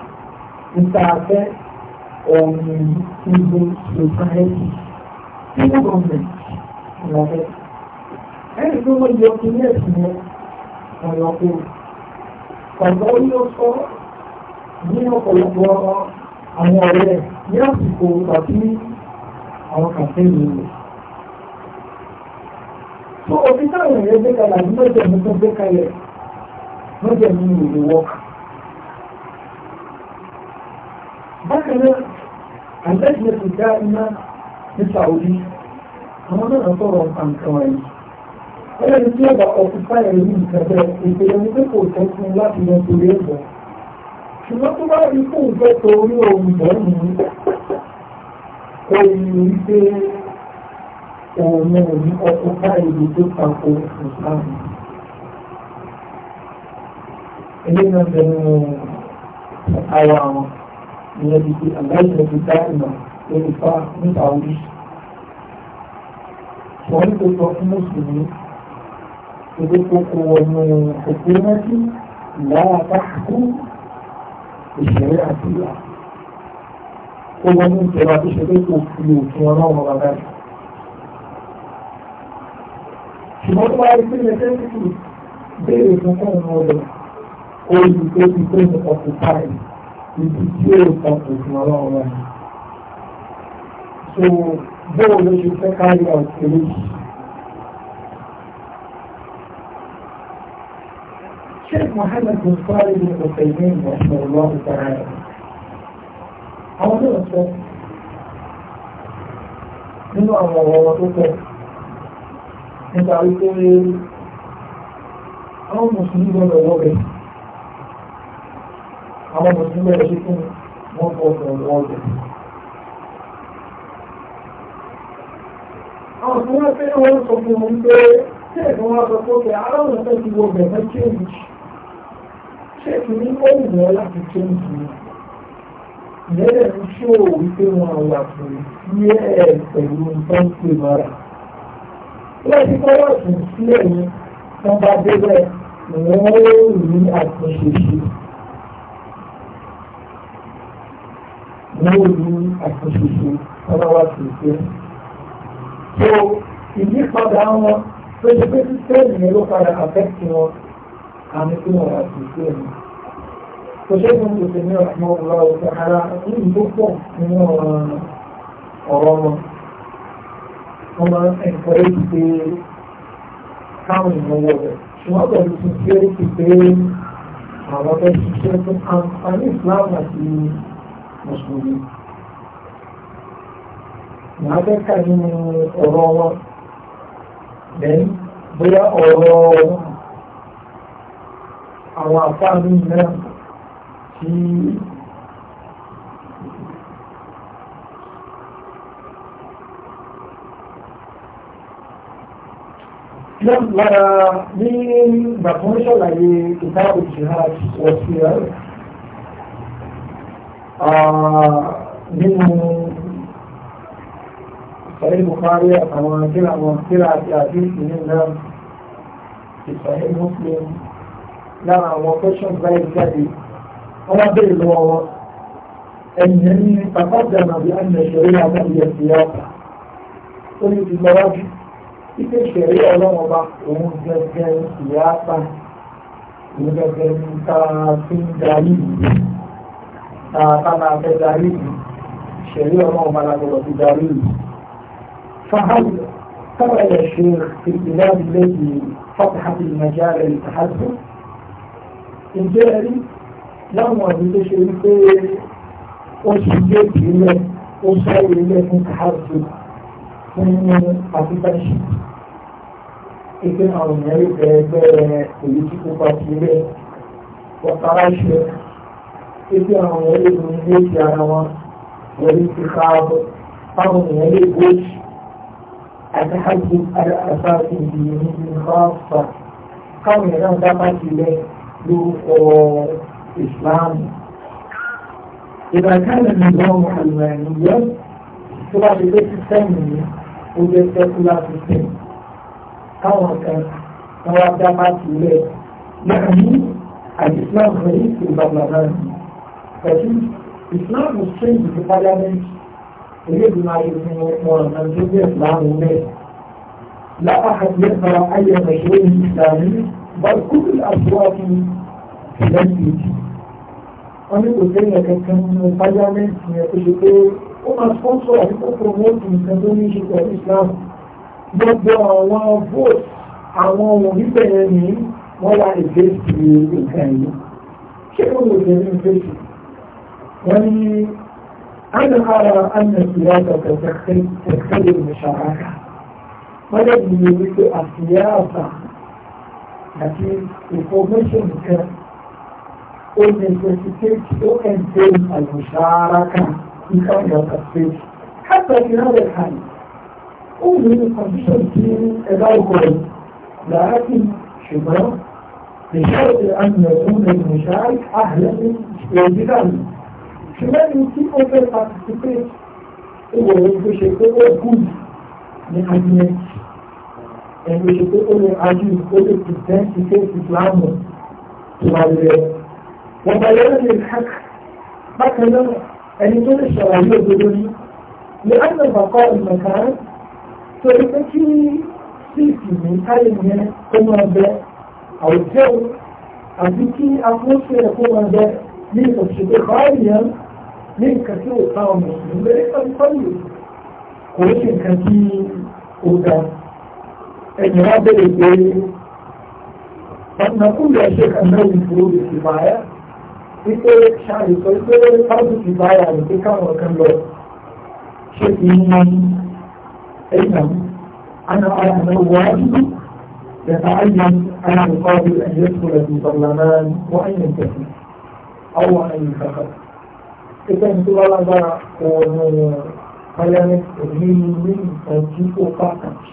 [SPEAKER 1] nípa afẹ́ ọ̀run ìgbò society tí gọ́ọ̀mẹ̀ntì lọ́fẹ́ ẹni tó wọ́n yọ kí ní ẹ̀sìn yẹn ọ̀yọ́ kó ọ̀gá ó yọ sọ ní ọ̀pọ̀lọpọ̀ àwọn ọ̀rẹ́ ní àsìkò tàbí àwọn kàfẹ́ ìlú rẹ̀. tó òfin táwọn èèyàn gbé kalẹ̀ àbí mọ́jẹ̀mú tó gbé kalẹ̀ mọ́jẹ̀mú ìlú wọ́ọ̀kà. bákan náà àlẹ́jẹ̀ kò dá iná ní Saudi àwọn náà sọ̀rọ̀ nǹkan wáyé. ẹlẹ́ni tí ó bá ọkùnrin fáyẹ̀ ní ìkẹ́fẹ́ ìpele ní pé kò tẹ́ fún láti lọ torí ẹ̀bọ̀ ṣùgbọ́n tó bá rí fóun fẹ́ torí òun bọ̀ nìyí ó ní pé òun ò ní ọkọ̀ káàdì tó tako nǹkan. Ilé náà bẹ̀rẹ̀ ara wọn ìyẹn ti di àgbáyé ti dá ìmọ̀ lórí fa nípa orí. Wọ́n ní kò sọ fún Mùsùlùmí ìdí kókó wọnú òkú náà sí ìyára táàkù ìṣẹ̀lẹ̀ àti ìyá ó wọ́n ní ìjọba tó ṣe pé kò fi òfin ọlọ́run bàbá rẹ̀. ṣùgbọ́n tó wáyé sí ilé tẹ́sítì béèrè fún fún ọmọ rẹ̀ ó yí pé ti pé ní ọkùnfàì ibi tí ó kan òfin ọlọ́run rẹ̀. so bóò ló ṣe fẹ́ kárí àwòkèrè yìí. شيخ محمد بن صالح بن عثيمين رحمه الله تعالى àwọn náà sọ nínú àwọn ọ̀rọ̀ tó pọ̀ nípa wípé àwọn mùsùlùmí gbọ́dọ̀ wọ́ rẹ̀ àwọn mùsùlùmí rẹ̀ ṣe fún wọn gbọ́dọ̀ wọ́ rẹ̀. àwọn tí wọ́n fẹ́ wọ́n sọ fún mi pé tí ẹ̀sìn wọn sọ pé àwọn ọ̀nà fẹ́ ti wọ bẹ̀rẹ̀ change ṣé ìpínlẹ̀ ó wù ọ́ láti change ni ìyẹ́lẹ̀ ń ṣó wípé wọn wà pé ní ẹ̀ pẹ̀lú nǹkan pè mọ́ra. Lẹ́yìn kọ́wọ́ sùn sílẹ̀ ni wọ́n bá débẹ̀ wọ́n ó rí àtúnṣe ṣe. Wọ́n ó rí àtúnṣe ṣe wọ́n wá sí ìpè. So ìyípadà wọn lójú pé sísẹ́ẹ̀lì yẹn ló padà àfẹ́kì wọn àmì tí wọ́n wá sí ìpè فشيخ ابن تيمية رحمه الله تعالى إن بكم من أراما وما encourage the common knowledge ṣùgbọ́n pẹ̀lú sincerity pé àwọn ọmọ ìṣiṣẹ́ tó àǹfààní Islam àti Mùsùlùmí. Màá fẹ́ kà nínú ọ̀rọ̀ wọn. Lẹ́yìn bóyá ọ̀rọ̀ àwọn àfáà mi náà tí lára ní bàbán ṣàlàyé ìdáàbò jihad wọ̀sí rẹ̀ nínú ìsọ̀rẹ́ Bukhari àtàwọn kíra àwọn kíra àti àdínkù nínú ìsọ̀rẹ́ Muslim lára àwọn question báyìí jáde وما بين أنني تقدم بأن الشريعة هي السياسة قلت المراجع إذا الشريعة لا وضع ومجدد سياسة مجدد تاسين دليل تاسين دليل الشريعة ما هو ملاك دليل فهل ترى يا شيخ في البلاد التي فتحت المجال للتحدث؟ إن جاء láwọn ọ̀dún tó ṣe wípé ó ṣe gbé ìpínlẹ̀ ó sáré ilé fún káàdì fún àfíkàṣì ìpín àwọn ènìyàn ìfẹ́ ẹgbẹ́ èyí tí kò bá ti rẹ̀ wọ́tara ṣe ìpín àwọn ènìyàn ìlú ilé ti ara wọn wọlé ti káàbọ̀ fáwọn ènìyàn lè gbóòjì àti hajj àti ìdíyẹ ní ìlú káàfà káwọn ènìyàn dábàá ti rẹ̀ lórúkọ الإسلام إذا كان النظام علمانيا تبقى بيت الثاني وبيت الثلاث الثاني كما كان توابعات الليل يعني الإسلام غريب في البرلمان لكن الإسلام الصين في البرلمان يجب أن يكون منزل إسلام الليل لا أحد يقرأ أي مشروع إسلامي بل كل الأصوات في نفسه wọ́n ní kò sẹ́yìn kankan nínú pàjámẹ́ǹtì yẹn tó ṣe que ó máa sponsor àti kó promote nǹkan tó ní ṣe pẹ̀lú Islam gbogbo àwọn vote àwọn ohun níbẹ̀ yẹn ní wọ́n wá ìgbésí nǹkan yìí ṣé ó lè ṣe ní ìgbésí wọ́n ní أنا أرى أن السياسة تختلف المشاركة ولكن يريد السياسة àti information kan ó necessitate ó entail àlùsááraka ní káwọn ọ̀gá pé kápẹ́ ní ọ̀rẹ́ kan ó ní ní condition tí ẹ bá wọ̀ ẹ́ làákì ṣùgbọ́n ìṣòro àmì ọ̀tún lè mú ṣáájú àhẹ́lẹ́ ní ìṣèjìká mi ṣùgbọ́n ní tí ó fẹ́ participate ó wọ̀ ẹ́ tó ṣe pé ó good ní agnes ẹ̀rọ ṣe pé ó lè ajú ó lè present ìfẹ́ ìsìlámù tó wà lẹ́yìn. وبيان الحق هكذا أن يكون الشرعية الدولية لأن بقاء المكان فإنتي سيسي من كلمة كما بأ أو الجو أبيكي أتمنى كما بأ ليس بشكل خاليا من كثير قام مسلم ليس بطيب ولكن كثير أودا
[SPEAKER 2] أن يرابط
[SPEAKER 1] أن نقول يا شيخ أنه من فروض الكفاية wípé ṣáàlì sọ wípé fáwọn ti bá ara rẹ̀ pé káwọn kan lọ ṣé ti ń mọ ẹ̀yìn àwọn àna ara rẹ̀ wọ àdúgbò يتعين أن يقابل أن يدخل في برلمان وأن ينتهي أو أن ينتخب إذا أنت ولا بقى parliament èyí ní ìtọ́jú tó pàtàkì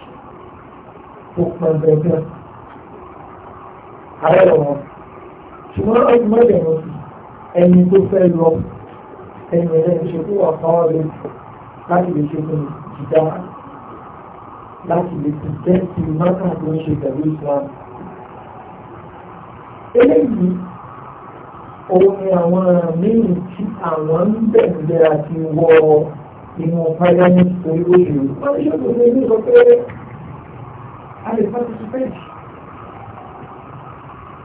[SPEAKER 1] tó pọn dandan ààrẹ wọn ṣùgbọ́n ọdún mọ́lẹ̀ wọn sì ẹni tó fẹ́ lọ ẹni rẹ̀ ń ṣe fún ọ̀kan rẹ̀ láti lè ṣe fún ìdá láti lè fi tẹ́sí mọ́tà tó ń ṣe pẹ̀lú Islam. eléyìí òun ni àwọn míì tí àwọn ń bẹ̀rẹ̀ àti wọ inú pàdánù orí òṣèlú. wọ́n ti ṣètò ní sọ pé a lè participate.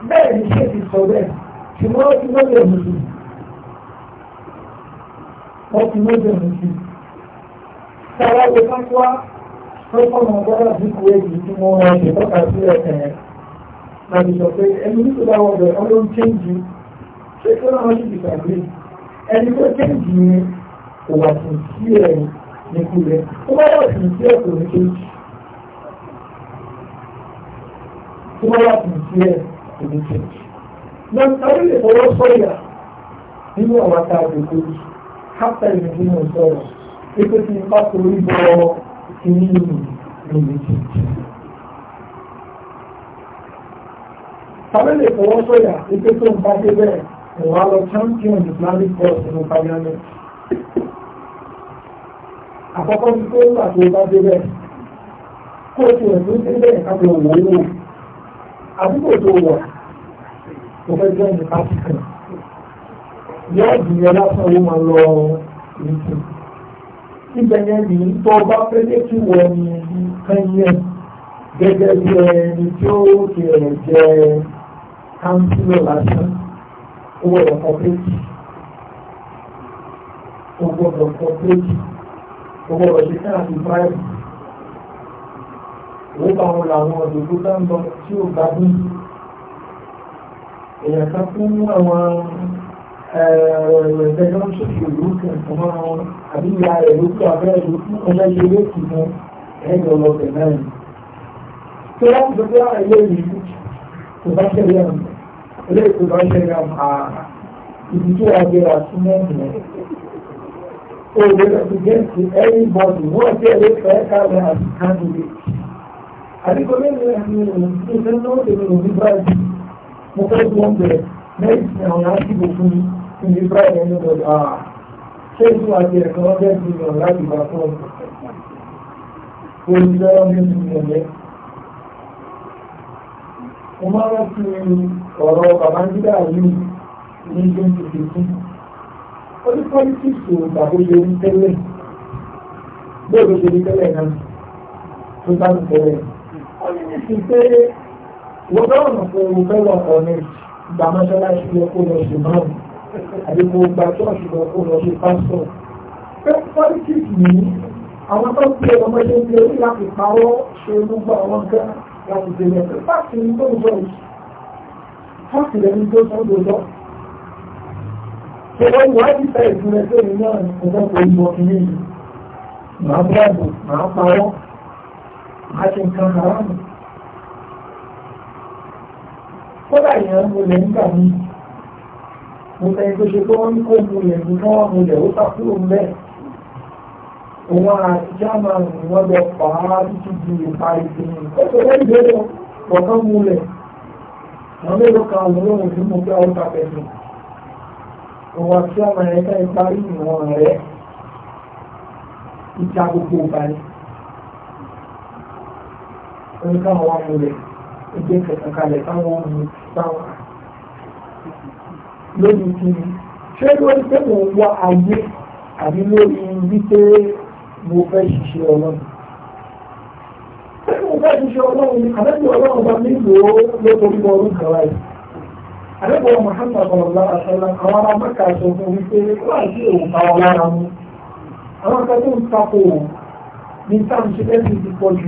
[SPEAKER 1] bẹ́ẹ̀ ni ṣé ti sọ bẹ́ẹ̀ ṣùgbọ́n ó ti mọ́jọ mi sí ó ti mọ́jọ mi sí sára lè fásiwá tó fọ́nà ọgbọ́nà sí kú èyí tí mo rán ṣe tọ́ka sí ẹ̀sẹ̀ yẹn láti sọ pé ẹni ní ìgbà wọn bẹ̀rẹ̀ wọn ló ń chéǹjì ṣé kí wọ́n ṣì ti gbàgbé ẹni tó chéǹjì yẹn kò wà sí sí ẹ̀ ní kú rẹ̀ tó bá wà sí sí ẹ̀ kò ní chéǹjì tó bá wà sí sí ẹ̀ kò ní chéǹjì lọ́tàrí lè fọwọ́ sọ̀yà nínú àwọn àtàwọn èkó yìí kápẹ́ ìlú nínú sọ̀rọ̀ pípé tí ipa torí bọ́ ìní ní méjì. Tàbí lè fọwọ́ sọ̀yà pípé tó ń bá dé bẹ́ẹ̀ ìwà lọ champion Islamic course nínú parliament. Àkọ́kọ́ ní pé nígbà tó bá dé bẹ́ẹ̀ kóòtù ẹ̀ tó dé bẹ́ẹ̀ ká lọ wò ó wò tó wà mo fẹ́ jẹ́ ìdíkà sí kan yóò dìyẹ lásán ló máa lọ ètò ibẹ̀ yẹn ní tó bá fẹ́ lé kí wọ́n ní kan yẹn gẹ́gẹ́ bí ẹni tí ó kẹrẹ̀ jẹ́ kánsílò lásán owó ẹ̀ kọ́pẹ́tì owó ẹ̀ kọ́pẹ́tì owó ẹ̀ ṣe káàkiri báyìí owó báwọn làwọn òdòdó dáńdọ tí ó gbádùn yìí èèyàn kan fún àwọn ẹ̀ẹ́dẹ́gbẹ́ ń ṣèṣe ìlú kẹ̀kọ́ mọ́ wọn àbí ìyá rẹ̀ ló kú abẹ́ ìlú fún ọjọ́ ṣe léèkì mọ́ ẹ̀ẹ́dẹ́ ọlọ́bẹ̀ náà ni. tó wọ́n ti gbé àwọn ilé yìí tó bá ṣẹlẹ̀ ọ̀nà ilé tó bá ṣẹlẹ̀ ọ̀nà ibi tó wà gbé wa sí mẹ́rin rẹ̀. ó lè lọ sí gẹ́ǹtì ẹ̀yìn bọ́ọ̀dù wọ́n ti ẹ̀rẹ́ fẹ́ káàbẹ̀ àti káàbẹ̀ àdìgbò mẹ́rin rẹ̀ ni òun ti mo fẹ́ bí wọ́n bẹ̀rẹ̀ mẹ́rin àwọn aṣíbò fún mi ní Israẹli ẹni lọ́dọ̀ àà ah, ṣé ìlú àti ẹ̀kọ́ ọjọ́ ìgbìmọ̀ láti bá fún ọ̀sẹ̀ olùdọ́rọ̀ ní ìgbìmọ̀lẹ́ mo máa rọ́ sí ọ̀rọ̀ Babangida yìí ní twenty fifteen ó ní politics ò tàbí ṣe ń tẹ́lẹ̀ bóòlù ṣe ń tẹ́lẹ̀ náà tó bá ń tẹ́lẹ̀ ó ní ní wọ́n bá wọn fún un fẹ́ wà kọ́ ní ìgbà mọ́ṣáláṣí lọ kó lọ sí máàmù àdìpọ̀ ìgbà ṣọ́ọ̀ṣì lọ kó lọ sí pásítọ̀. pé politics ní àwọn tó ń pè ọmọ ilé ilé orí láti pawọ́ ṣe gbogbo àwọn nǹkan láti ṣe lẹ pé fáàkì ní tó ń sọ yìí fáàkì lẹni tó sọ ló lọ. ṣé wọ́n wá ti fẹ́ ìdúró ẹgbẹ́ mi náà kò fẹ́ kó ìmọ̀ ìlú yìí màá bọ́ọ̀bù kódà èèyàn múlẹ̀ nígbà mí mo fẹ́ tó ṣe pé wọ́n ní kó múlẹ̀ ní kí wọ́n múlẹ̀ ó sàkúrò mbẹ́ òun àti german wọ́n lọ fà á títí di ìparí sí i ó ṣe lẹ́yìn ìbéèrè ọ̀kan múlẹ̀ àwọn mélòó kan àwọn olóhùn tí mo gbá ọ̀tà pẹ̀lú òun àti german ẹ̀ka ìparí ìwọ̀n rẹ̀ ìjà gbogbo ìparí oníkàwọn wa múlẹ̀ ìgbé kẹ̀kẹ̀kalẹ̀ táwọn ọmọ táwọn lórí kiri ṣé lórí pé mo ń wá ayé àbí lórí wípé mo fẹ́ ṣiṣẹ́ ọlọ́run pé mo fẹ́ ṣiṣẹ́ ọlọ́run ni àlejò ọlọ́run bá nílò lótorí ọdún kan láì àlejò ọmọ hàmà sọ̀rọ̀lá àṣẹlá àwọn ará mẹ́ka sọ fún wípé láìsí òun ta wọn lára mú àwọn akẹ́kọ̀ọ́ ń takò ní táwọn ṣe fẹ́ ti pọ̀ jù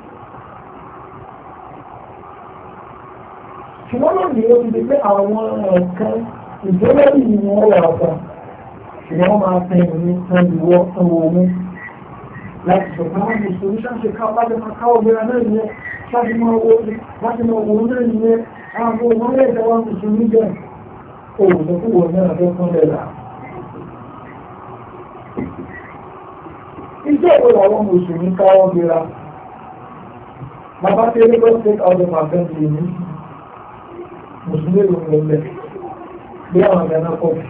[SPEAKER 1] ṣùgbọ́n lónìí ó ti di pé àwọn ẹ̀kan ìjọlẹ́rì ni wọ́n wà ọ̀gá ṣùgbọ́n wọ́n máa fẹ́ ìròyìn kan ìwọ ọmọ omi láti sọ pé wọ́n ti sọ ní ṣáṣe ká bá máa káwọ́ gbéra náà nìyẹn ṣáṣe máa wọ orí láti máa wọ orí nìyẹn àwọn ọmọ ilé ìjọ wa ti sọ ní bẹ́ẹ̀ olùdókòwò náà fẹ́ kán lẹ́la. Iṣẹ́ ìwé làwọn mùsùlùmí káwọ́ gbéra. Bàbá Tẹ́lẹ́gọ́ State of Assembly ní mùsùlùmí ló ń lò lẹ̀ bí àwọn ọ̀gá náà pọ̀ jù.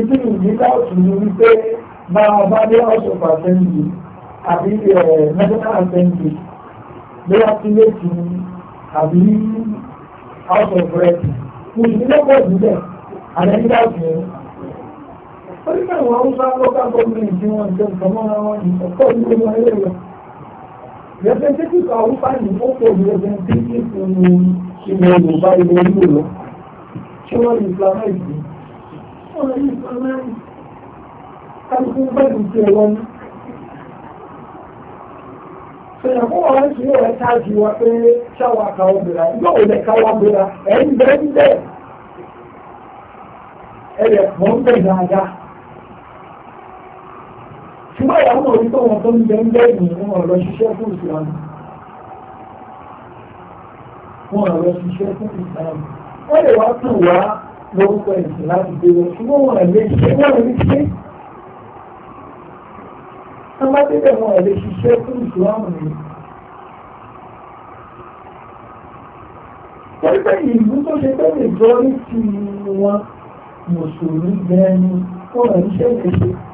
[SPEAKER 1] Ibi ìdílé ọ̀sùn ni wípé bá wọn bá dé ọ̀sùn pàṣẹ yìí àbí medical assembly bí wọ́n ti lé ti àbí house of rest mùsùlùmí ló pọ̀ jù bẹ́ẹ̀ àdéhùn ọ̀sùn yìí. Oríṣiríṣi àwọn Haúsá local government tí wọ́n ń ṣe ìtọ́mọ́ra wọn ìtọ́kọ́ ìlú wọn lè lọ. Yo pensé que cada un país un poco de beneficio que me lo va a ir el muro. Yo lo inflamé. Yo lo inflamé. Tanto un país que lo van. Sọ̀rọ̀ fún ọ̀rẹ́ tí yóò rẹ̀ káàkiri wa pé ṣáwà ká obìnrin yóò lè ká wá bíra ẹ̀ ń bẹ́ẹ̀ ń bẹ́ẹ̀ ẹ̀rẹ̀ fún bẹ́ẹ̀ ṣùgbọ́n ìyàwó náà orí tó tó ń bẹ ń bẹ ní wọn lọ ṣiṣẹ́ fún Islam wọn lọ ṣiṣẹ́ fún Islam wọ́n lè wá tù wá lórúkọ ìsìn láti gbé lọ ṣùgbọ́n wọn lè ṣe wọn lè ṣe wọ́n bá débẹ̀ wọn lè ṣiṣẹ́ fún Islam ni. wọ́n ìlú tó ṣe pé ìjọ ní ti wọn mùsùlùmí bẹ́ẹ̀ ni wọ́n lè ṣe é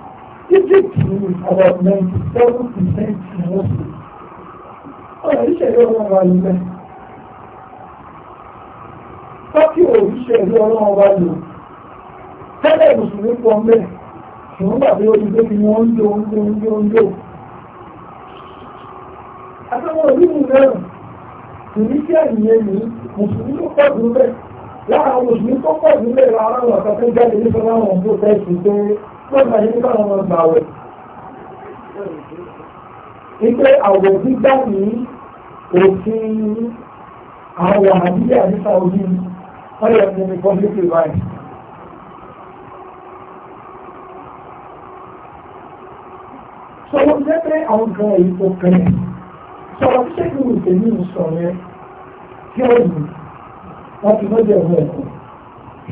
[SPEAKER 1] Egypt about ninety seven percent ni wọ́n sọ. Ọ̀rọ̀ ìṣẹ̀lẹ̀ ọlọ́run wa ló bẹ́ẹ̀. Tọ́kì ò ìṣẹ̀lẹ̀ ọlọ́run wa lò. Tẹ́lẹ̀ Mùsùlùmí pọ̀ ń bẹ̀. Ṣùgbọ́n bàbá orí pé ni wọ́n ń lò ń lò ń lò ń lò. Àtàwọn onímù náà Tunisia nìyẹn ní Mùsùlùmí ló pọ̀ jù bẹ́ẹ̀. Lára Mùsùlùmí tó pọ̀ jù bẹ́ẹ̀ lára àwọn àkàtúnjáde nípa láwọn ọ̀dọ́ tẹ̀sí pé lọ́nà yìí káwọn ọmọ gbà wẹ̀. Ipe àwọ̀ gbígbà ní òfin àwọn àdíyà ní Saudi wọ́n yẹ fún mi public revise. Sọ̀rọ̀ jẹ́ pé àwọn kan èyí tó kẹ́lẹ̀. Sọ̀rọ̀ tí ṣé kí n tèmi sọ̀rọ̀ yẹn tí ó yìí wọ́n ti lọ́jọ́ ẹ̀rọ ẹ̀kọ́.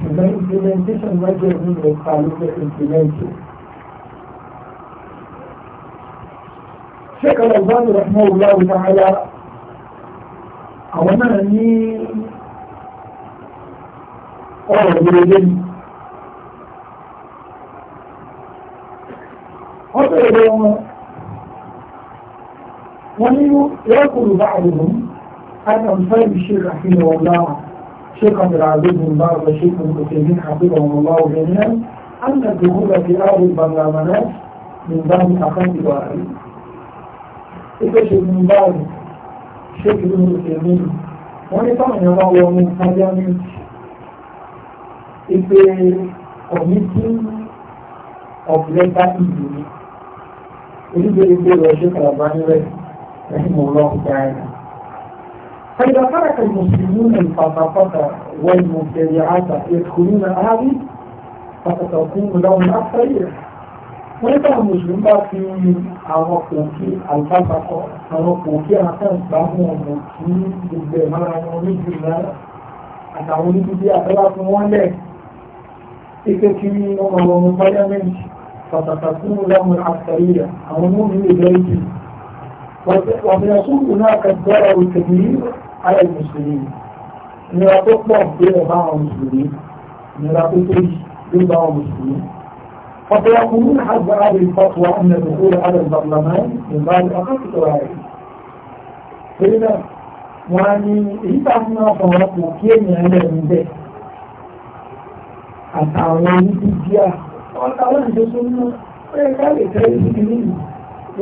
[SPEAKER 1] The implementation measures in the Khalifa implemented. Sheikh Al-Albani rahmahullah ta'ala àwọn náà ní ọ̀rọ̀ gbèrègbè ni. Wọ́n bẹ̀rẹ̀ wọn wọ́n ní yọ́kùnrin bá àwòrán, a kàn fẹ́ ìṣe àfihàn ọ̀gá wọn. شيخ عبد العزيز بن باز وشيخ ابن تيميه حفظهم الله جميعا ان الدخول في ارض البرلمانات من باب اخذ واخذ الشيخ ابن باز شيخ ابن تيميه wọ́n ní táwọn èèyàn bá wọ ní parliament ipe committee of labour ìlú oníbèrè pé ìrọ̀ṣẹ́ kàlàbá nílẹ̀ ẹ̀sìn mọ̀ فإذا ترك المسلمون الخرافة والمبتدعات يدخلون هذه فتكون لهم أكثر nígbà mùsùlùmí bá fi àwọn kò kí àlùbáṣakọ àwọn kò kí àtẹ̀gbá mú ọ̀nà kí gbogbo ẹ̀ máa wọn níbi náírà àtàwọn onídìbí àtẹ́lá fún wọn lẹ̀ kíkẹ́ kí wọ́n máa wọnú páyámẹ́ǹtì pàtàkì fún ọlọ́run àtẹ̀yẹ àwọn onímọ̀ ìlú ẹ̀jẹ̀ ومن يكون هناك الضرر الكبير على المسلمين nira tó pọ̀ gbéra bá àwọn mùsùlùmí nira tó tóbi gbé bá àwọn mùsùlùmí. فسيقولون حسب هذه الفتوى أن الدخول على البرلمان من بعد أخذ رأيه. فإذا wọ́n ní èyí tá a fún wọn fọwọ́ kò kí ènìyàn lẹ̀ ń bẹ̀ àtàwọn onídìí díà wọ́n táwọn ìjọsọ náà ó yẹ ká lè tẹ́lẹ̀ sí ìlú yìí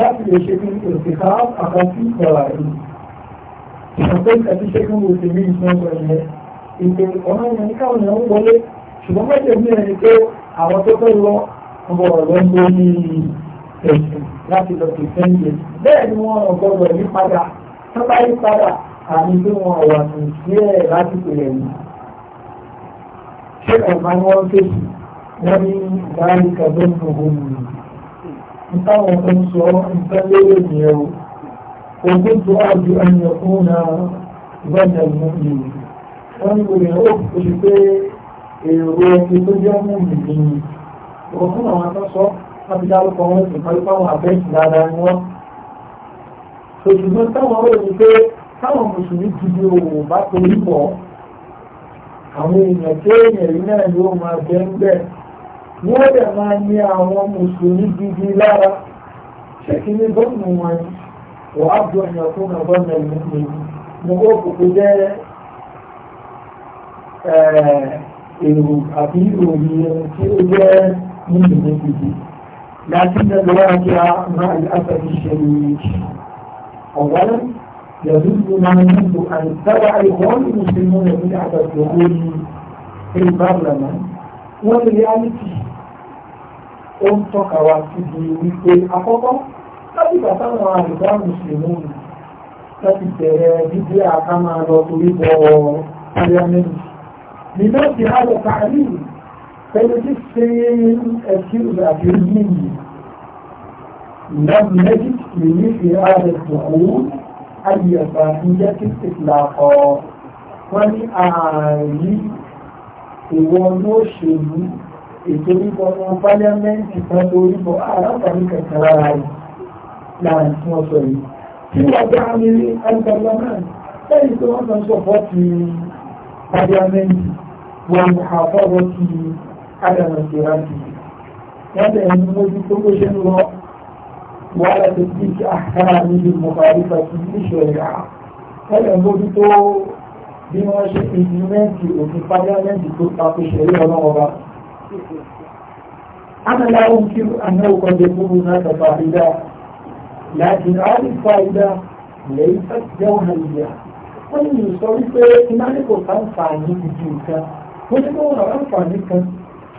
[SPEAKER 1] láti lè ṣe fún òṣìká àkọsí ìjọba yìí ìṣàkóso àti ṣẹ́gun òṣèlú ìṣàkóso ẹ̀yẹ ìpè ọ̀nà ìyẹn káwọn èèyàn ń wọlé ṣùgbọ́n mẹ́jẹ̀ ní ẹni pé àwọn tó fẹ́ lọ ọgbọ̀rọ̀ lọ ń gbé ní ẹ̀sìn láti lọ sí sẹ́ńdẹ̀ bẹ́ẹ̀ ni wọ́n ọgbọ̀rọ̀ yí padà tó yí padà àmì tí wọ́n wà ní ìṣẹ́ láti pèlè yìí ṣé ẹ̀ma ni wọ́n fèsì wọ́n ní ìdáríkà bẹ́ẹ̀ ní táwọn kan sọ nǹkan lérò nìyẹn o ogún tó wá ju ẹni ọkùnrin náà gbọ́dọ̀ mú mi wọ́n ní kò lè ó kò sí pé èrò ẹni tó jẹ́ mú mi nìyí òkun àwọn tó sọ láti dárúkọ wọn sì pẹ̀lú fáwọn àbẹ́sì dáadáa ni wọ́n ṣòṣùgbọ́n táwọn ó rí pé táwọn mùsùlùmí gidi òwò bá torí pọ̀ àwọn èèyàn tí èèyàn yìí náà yóò máa jẹ́ ń bẹ́ẹ̀ yóò dẹ̀ máa ní àwọn mùsùlùmí gidi lára ṣé kí ní gómìnà wọn ni wọ́n á bu ẹ̀yàn fún ọgbọ́n náà ìlú mi mo kó kòkó jẹ́ èrò àbí ìròyìn ẹni tí ó jẹ́ mùsùlùmí gidi láti ní lọ́wọ́dá máa ìlàfẹ́bí ṣe ọ̀wọ́n يدل ما يدل أن تبع إخوان المسلمون في عدد دخول في البرلمان والرياليتي ó ń tọ́ka wa síbi wípé àkọ́kọ́ láti gbà táwọn àlùbá mùsùlùmí láti bẹ̀rẹ̀ dídé àká máa lọ torí bọ parliament nínú ti hálẹ̀ káàrí pẹ̀lú tí ṣe ẹ̀kíùs àti yìí lọ́dún méjì nínú fi hálẹ̀ tòkó ayẹ̀fà ìjẹ́ tí ìlà ọ̀ wọ́n ní ààrí ìwọ̀n ló ṣèlú ètò orúkọ ọmọ pálíámẹ́ǹtì kan tó orúkọ arákùnrin kẹta lára rẹ̀ lára tí wọ́n sọ yìí tí wọ́n bá mi rí alùpàdé náà lẹ́yìn tó wọ́n kàn sọ̀pọ̀ ti pálíámẹ́ǹtì wọn àfọwọ́ ti ádàmọ̀ ìrántí wọ́n lè ní mójú tó bó ṣe ń lọ wàhálà tó ti ṣe àkàrà níbi mọ̀kàlùfà ti ní ìṣẹ̀lẹ̀ à wọ́n lè mójú tó bí wọ́n ṣe ìdímẹ́ǹtì òfin pálíámẹ́ǹtì tó tako ìṣẹ̀lẹ̀ ọlọ́wọ́ bá أنا لا أنكر أنه قد يكون هناك فائدة لكن هذه الفائدة ليست جوهرية ومن يصرف إيمانك وكان فاعني بجوكا وجدوا وراء الفاعني كان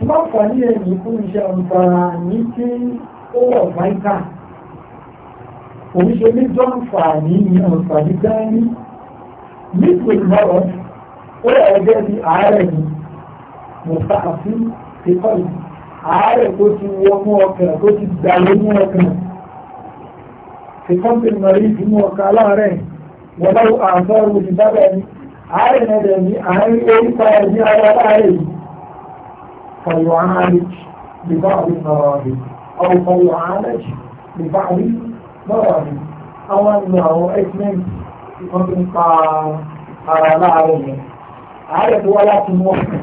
[SPEAKER 1] ثم الفاعني يكون جانفاعني كي هو فايتا oníṣe méjì àǹfààní ni àǹfààní dání nítorí mọ́rọ̀ ó rẹ̀ ẹgbẹ́ bí ààrẹ ìfọ́nù àárẹ̀ tó ti wọnú ọkàn tó ti dà lónú ọkàn ìfọ́nù mọ̀rí ìdínú ọkàn aláàárẹ̀ wọ́n bá àǹfọ́rù ìbábẹ̀ ni àárẹ̀ náà dẹ̀ ní àárín orí padà ní ara láàárẹ̀ yìí fọyọ̀ àárẹ̀ bíbá àwọn ìmọ̀ràn rẹ̀ ọ̀rọ̀ fọyọ̀ àárẹ̀ bíbá àwọn ìmọ̀ràn rẹ̀ àwọn ìlú àwọn x-men wọ́n ń pa ara láàárẹ̀ yẹn àárẹ̀ tó wá láti mú ọkàn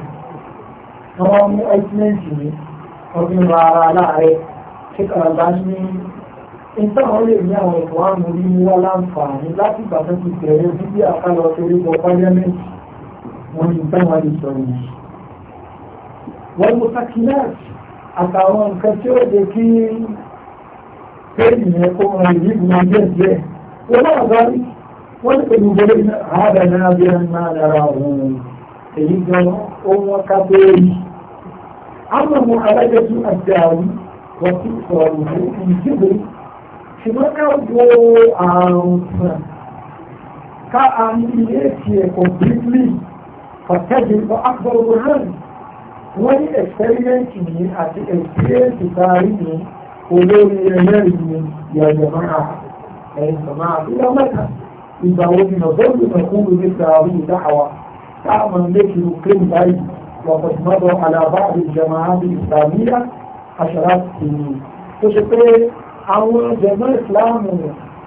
[SPEAKER 1] wọ́n mú ẹ́tímẹ́ǹtì ní ọdún ìwà ara láàrẹ kíkàrà bá ní ìtàwọn lè ní àwọn ẹ̀kọ́ àmú rí mú wá láǹfààní láti ìgbà tó ti bẹ̀rẹ̀ bíbí àkálọ̀ torí bọ pálíámẹ́ǹtì wọ́n ti tán wá lè sọ yìí. wọ́n mú sakináàtì àtàwọn nǹkan tí ó lè kí kéèyàn kó wọn yìí bu ẹgbẹ́ díẹ̀ wọ́n náà bá rí wọ́n ti pẹ̀lú gbọ́dọ̀ iná àádọ́ náà bí ẹni máa dára òun èyí gan-an ó wọ́n ká bẹ́ẹ̀ yìí. أما معالجة الداوي وتكفره الجبر ṣùgbọ́n ká wo àrùn sàn ká a ní ilé tiẹ̀ completely pàtẹ́jì for agbọ̀rọ̀ rẹ̀ wọ́n ní experiment ní àti experience taari ní olórí ẹlẹ́rìí ní yàjọ̀mọ́ ẹ̀yìn sọ̀mọ́ àbúrò mẹ́ta ìgbà wo ni ọ̀dọ́ ìgbìmọ̀ fún mi ní sàárù ìdáhàwá táwọn méjì ló kéwù báyìí وقد مضى على بعض الجماعات الإسلامية عشرات سنين فشكرا àwọn jẹ̀mọ́ ìsìláàmù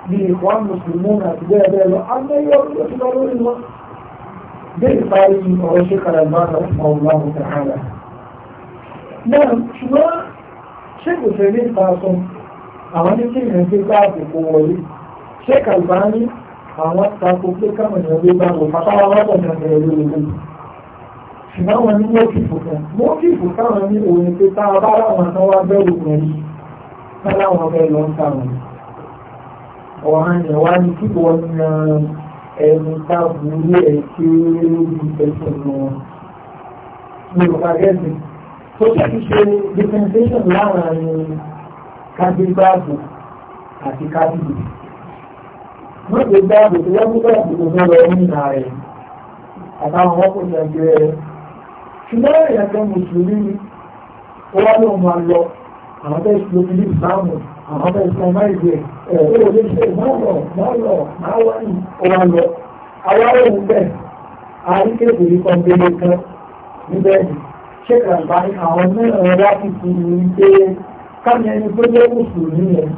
[SPEAKER 1] ní ìwọ̀n mùsùlùmí àti bẹ́ẹ̀ bẹ́ẹ̀ lọ agbẹ́yọ̀ ló ti lọ lórí wọn bí ìparí ọ̀rọ̀ ṣe kàràbára ọ̀làwọ̀ tààrà náà ṣùgbọ́n ṣé kò fẹ́ ní ìfàṣọ àwọn ní kí ìrìn sí bá àbùkù wọlé ṣé kàràbá ní àwọn tako pé káwọn ènìyàn ló bá lọ pátáwá wọ́pọ̀ ní ọ̀rẹ́ lórí ṣùgbọ́n wọn ní mọ́tìfù kan mọ́tìfù táwọn ní òun pé tá a bá láwọn tán wá bẹ́rù pẹ̀lú tá láwọn ọbẹ̀ lọ ń táwọn ọ̀hán yẹn wá ní kí wọ́n na ẹnu tá burú ẹ̀ tí ẹ̀sùn wọn ní ọ̀pá gẹ̀ẹ́sì tó ṣẹ̀kí ṣe differentiation láàárín kábígbáàbò àti kábígbò mọ́tò gbáàbò tó yẹ kó gbáàbò tó fẹ́ lọ ní ààrẹ àtàwọn ọkùnrin ẹgbẹ́ ṣùgbọ́n èèyàn kan mùsùlùmí ni ó wá lóun máa lọ àwọn bẹ́ẹ̀ ṣe lóbi ní ìbámu àwọn bẹ́ẹ̀ ṣe máa ìwé ẹ̀ ó lè ṣe máa lọ máa lọ máa wá ní ó wá lọ àwa òun bẹ́ẹ̀ àríkèkè yìí kan délé kan níbẹ̀ ni ṣé kàǹbá ni àwọn mẹ́rin wá ti fi ní pé káàmì ẹni tó jẹ́ mùsùlùmí yẹn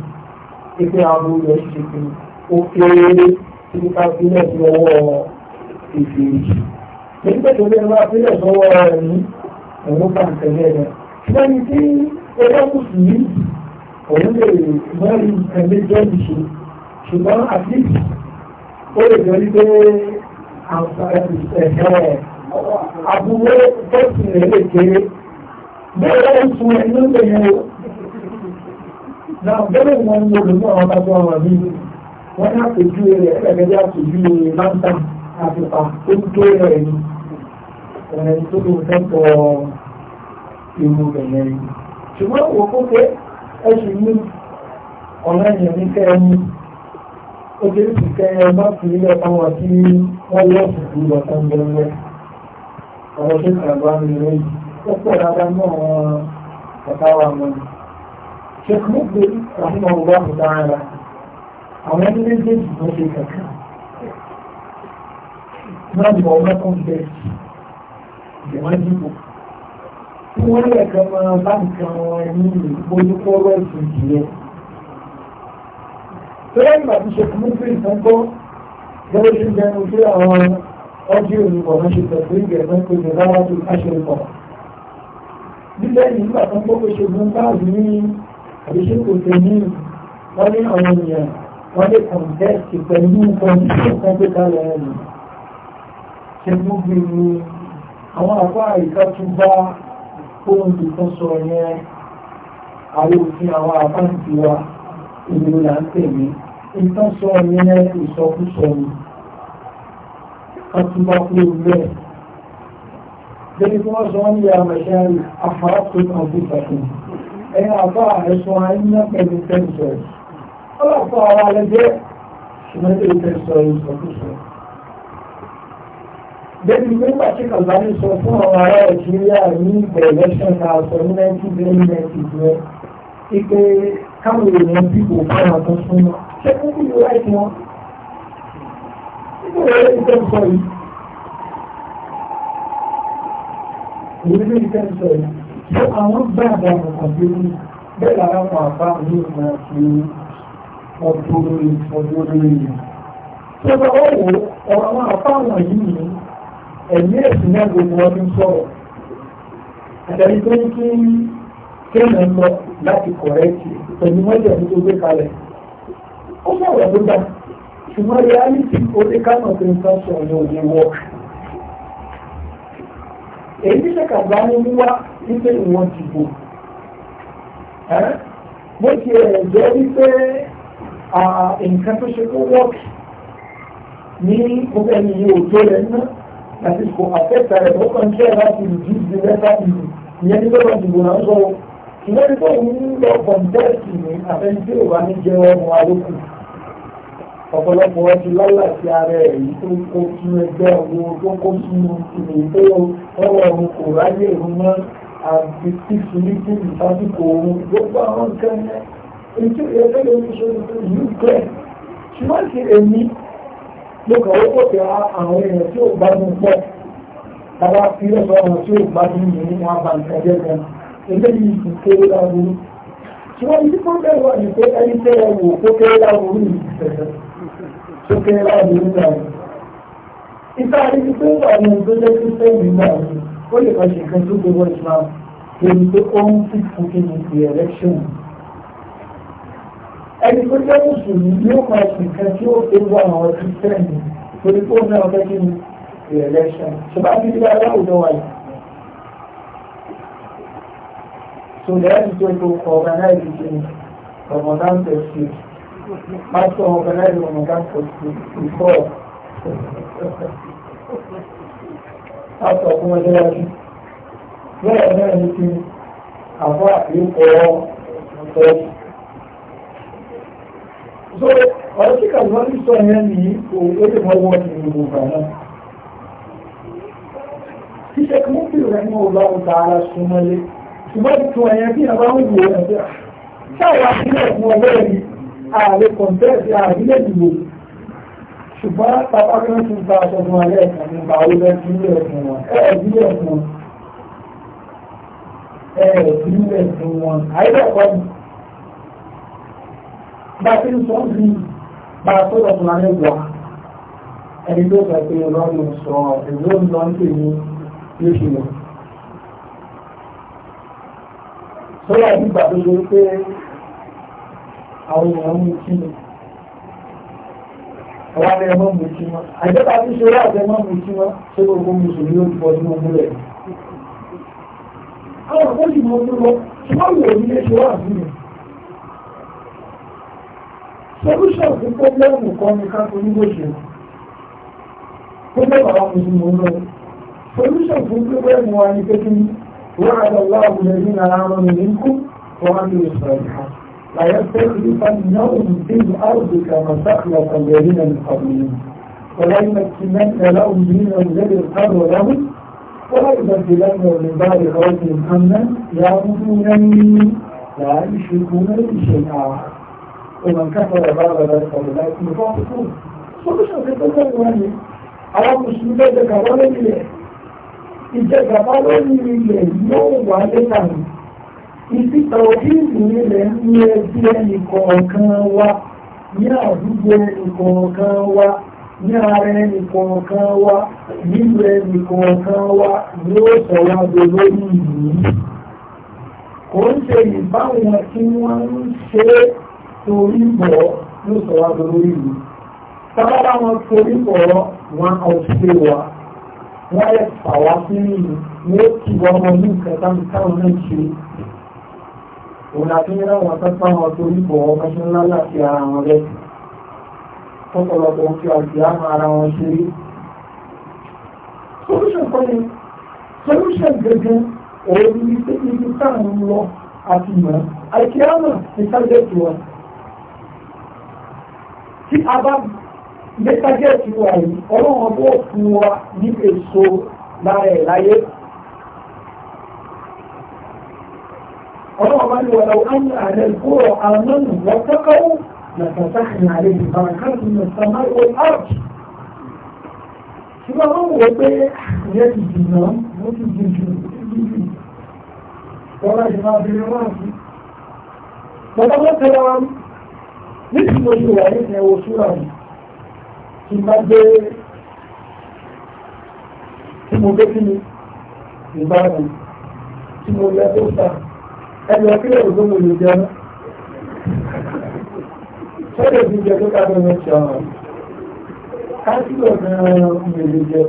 [SPEAKER 1] ìpè àwọn olè ṣe fi ó kéré sílẹ̀ sí ọwọ́ ìfèèjì èyí pẹ̀lú ilé ẹ̀rọ abílẹ̀ sọ́wọ́ rẹ̀ ní ẹ̀rọ bá ń tẹ̀lé rẹ̀ ṣùgbọ́n tí ẹgbẹ́ sí yìí òun lè mẹ́rin ẹ̀mí jọ́ọ̀dì ṣe ṣùgbọ́n àtìsí ó lè jọ wípé àbúrò bọ́ọ̀sì rẹ̀ lè kéré bẹ́ẹ̀ ó sun ẹni ó lè yẹ náà bẹ́ẹ̀ wọn ń lo lòmú àwọn bá tó àwọn àmì ní àpèjúwe rẹ̀ ẹ̀ẹ́dẹ́gbẹ́jẹ́ àpèjúwe máńtàn àtìpà tó gé rẹ̀ ni ẹ̀rẹ̀ tó lè fẹ́pọ̀ ìlú rẹ̀ ṣùgbọ́n wò ó pé ẹṣù ní ọ̀rẹ́ yẹn ní kẹ́ẹ̀mí ó dé sì kẹ́ẹ̀ má fi ilé táwọn tí wọ́n lọ́ sùkúrú lọ tán gbẹ́ngbẹ́ ọ̀rọ̀ tó kàgbá mi lẹ́yìn ó pọ̀ dáadáa mọ́ àwọn ọ̀tá wa mọ́ ni ṣe kúrò pé àwọn ọgbà kò dára àwọn ẹni méjèèjì ló ṣe kẹ̀kẹ́ not your welcome guest the one people tí wọ́n lè kan máa bá nǹkan wọn ní ìbójúkọ́rọ́ ẹ̀sìn ìjìyẹ. tó lẹ́yìn ìgbà tí ṣèkú mú fún ìfọ́nkọ́ gẹ́gẹ́ bí ìgbẹ́nu sí àwọn ọjọ́ olùkọ́ náà ṣe pẹ̀lú ìgbẹ̀mọ́ pé kò dáwà tó káṣe pọ̀. nígbà yìí nígbà tó ń gbọ́ pé ṣèkú ń báàbí ní àdéṣekò tẹ̀lé wọ́n ní àwọn ènìyàn wọ́n lè kọ̀ǹtẹ́ẹ̀tì pẹ̀lú nǹkan tó kọ́ pé kalẹ̀ ẹ̀ àtẹnúgbèrú àwọn àbá àyíká tó bá ohun nìkan sọ yẹn àwọn òfin àwọn àbá ń ti wa ènìyàn là ń tẹ̀lé nǹkan sọ yẹn ìsọkúsọ ni ká tún bá kúrò bẹ́ẹ̀. Gẹ́gẹ́ bí wọ́n sọ ń yà mẹ́ṣẹ́ àfárá tó kàn bú ìfàkùn. Ẹ̀yin àbá ẹ̀sùn àìyàn pẹ̀lú tẹ́lifẹ̀ẹ́. Ọlọ́pàá ara rẹ̀ jẹ́ ṣùgbọ́n tẹ́lifẹ̀ẹ́ sọ ìsọkúsọ débi nígbà tí kàbáyé sọ fún àwọn ará nàìjíríà ni election náà sọ ní nineteen twenty nineteen yẹn ipe káwọn èèyàn dìbò fún àwọn tó súnmọ́ ṣé kúkú yóò láì fún wọn. nígbà yẹn ìfẹ́ sọ yìí ìrírí ìfẹ́ sọ yìí ṣé àwọn gbà àgbà nǹkan tó ní bẹ́ẹ̀ lára wọn àbá mi ìgbà tí ọdún lórí ọdún ẹ̀mí ẹ̀sìn náà gbogbo wọn ti ń sọ̀rọ̀ àtàrí pé kí kéèyàn lọ láti kọ̀rẹ́tì pẹ̀lú mọ́jọ̀ ní tó gbé kalẹ̀ ó sọ̀rọ̀ ló dá ṣùgbọ́n reality oníkànnà tó ń sọ sọ̀rọ̀ ní òní wọ́k èyí tí ṣèkàgbá ní wíwá wípé ìwọ̀n dìbò bó ti ẹ̀ jẹ́ wípé nǹkan tó ṣe kó wọ́ọ̀kì ní gbogbo ẹni yìí ò tó lẹ́nu náà that is kò àfẹ́tà rẹ̀ tó kàn jẹ́ láti reduce the letter e ìyẹn ní lọ́wọ́ ìdìbò náà sọ ìwé ní tó ń lọ kọ̀ǹtẹ́ẹ̀tì ní àfẹ́ntì òwà ní jẹ́ ọmọ alókù ọ̀pọ̀lọpọ̀ ọtí lọ́lá sí ara ẹ̀ yìí tó kó sínú ẹgbẹ́ owó tó kó sínú ìlú tó ọwọ́ ọ̀run kò ráyè òun mọ́ àti fífi ní kí ìfásitì òun gbogbo àwọn nǹkan yẹn èyí tó yẹ kí ló ń ṣe ìlú kẹ́ ṣùgbọ́n kí èmi mo kàn ó kò tẹ àwọn èèyàn tí ò gbádùn pọ̀ bàbá fi lọ́sọ̀ àwọn tí ò gbádùn yìí ní wọn bá nǹkan jẹ́ gan eléyìí kò kéré láburú ṣùgbọ́n ibi tó bẹ̀rẹ̀ wà ní pé ẹni tẹ́ ẹ wò kó kéré láburú yìí tẹ̀tẹ̀ tó kéré láburú náà ìta rí i pé àwọn ìgbésẹ̀ tó sẹ́yìn náà ó lè kọ́ ṣe nǹkan tó gbogbo ìsìlámù kí ẹni tó jẹ́ mùsùlùmí yóò máa sì kan tí ó fi wà àwọn kírísítẹ́nì torí pé ó náà fẹ́ kí ni re-election ṣùgbọ́n àti ilé aláwùjọ wà yìí. so lẹ́yìn tó tó organize the Ramadan festival pastor organize Ramadan festival before pastor fún ọjọ́ wájú bẹ́ẹ̀ náà ni kí àwọn àlékọ́ ọ̀tọ̀ so ọ̀rọ̀ tí kàwọn ń sọ yẹn ní ó lè mọ wọ́n ní gbogbo ìgbà náà tí sẹ́kì mú bí rẹ̀ mọ́ ọba ọba ara súnmọ́lé ṣùgbọ́n tuntun ẹ̀yẹn bí àbá ń wò ẹ̀ bẹ́ẹ̀ sáwà sílẹ̀ fún ọwọ́ ẹ̀rí ààrẹ kọ̀ǹtẹ́ẹ̀sì àrílẹ̀ ìlú ṣùgbọ́n pápá kan ti gba aṣọ fún alẹ́ ẹ̀kan nípa olóbẹ́ sí ilé ẹ̀fún wọn ẹ̀ẹ́dílé ẹ̀fún wọn ẹ̀ẹ́dílé ẹ̀fún wọn àìbẹ̀kọ́ bá a ti ń sọ ọ́ bí bá a tó lọ́kùnrin alẹ́ gbà ẹni tó fẹ́ pé lọ́nà sọ èlò ń lọ sí ní lóṣù lọ. sọ́yà ìgbà tó ṣe pé àwọn èèyàn ń mú kí ni àwọn abẹ́rẹ́ mọ́ mú kí wọn àìjọba tí ṣe wá àbẹ́ mọ́ mú kí wọn ṣé gbogbo mùsùlùmí ó ti bọ́ sínú múlẹ̀. àwọn àkọ́jú mọ́ tó lọ ṣùgbọ́n mi ò ní lè ṣe wá àbúrò solution fún pọ́blẹ́mù kan ní ká tó nígbò pọ́blẹ́mù àwọn mùsùlùmí lọ solution fún pọ́blẹ́mù wa ní pẹ́kí wọ́n àdá láàbù lẹ́yìn náà àwọn ọmọ ìlú wọ́n á lè sọ ìhà láyé pé ìlú fani náà òun tí ìlú àrùbí kàmà sáàkìlà kan lẹ́yìn náà nípa mìíràn ولا يمكنن لهم دينهم الذي ارتضوا لهم ولا يبدلنهم من بعد خوفهم امنا يعبدونني لا يشركون بي شيئا ومن كفر بعد ذلك فأولئك هم الفاسقون solution ti tẹ́tẹ́ wọn ni àwọn mùsùlùmí bẹ́ẹ̀ jẹ́ gàbá lórí ilẹ̀ ìjẹ gàbá lórí ilẹ̀ yóò wà lẹ́tà ní ìsìta òkìlì ilẹ̀ ní ẹbí ẹnì kọ̀ọ̀kan wa ní àdúgbò ẹnì kọ̀ọ̀kan wa ní ara ẹnì kọ̀ọ̀kan wa nílùú ẹnì kọ̀ọ̀kan wa ni ó sọ wá do lórí ìlú kò ń ṣe ìbáwọn tí wọ́n ń ṣe é torí bọ̀ ló sọ wá lórí ìlú tábàbá wọn torí bọ̀ wọn ọ̀ṣẹ́ wa wọ́n yẹ fà wá sí nínú wọ́n ti wọ́n wọn ní nǹkan táwọn táwọn náà ṣe òun àti ní àwọn akẹ́kọ̀ọ́ àwọn torí bọ̀ ọmọ ṣe ńlá láti ara wọn rẹ̀ ọ̀pọ̀lọpọ̀ fi àti àmà ara wọn ṣe rí solution kọ́ni solution gẹ́gẹ́ òun ní ibi táwọn ń lọ àti mọ̀ àìkíyàmà ní sábẹ́ẹ̀tì wọn tí a bá mẹ́tàgẹ́ẹ̀tì wà yìí ọlọ́run bó fún wa ní èso lára ẹ̀ láyé ọlọ́run bá ní wọ̀lọ́ ánú ààrẹ gbọ́rọ̀ àmọ́nù wọ́tọ́kọ́wọ́ lọ́tọ̀tàkìnà àrẹ ìbárakáàtì ní sàmà ó áàpù ṣùgbọ́n wọ́n wọ́n pé ìyẹn ti dùnà wọ́n ti dùn jù wọ́n láti máa bẹ̀rẹ̀ wọ́n àti nítorí mo ṣe wà nínú ẹwọ súra mi tí má gbé tí mo gbé kí ni ìbára tí mo lẹ tó ta ẹni ọkí lè rògbò mo lè jẹ ọ sọ́dọ̀ ti jẹ tó ká bẹ́ẹ̀ mẹ́tì ọ̀rọ̀ káńsílọ̀ gan-an mo lè jẹ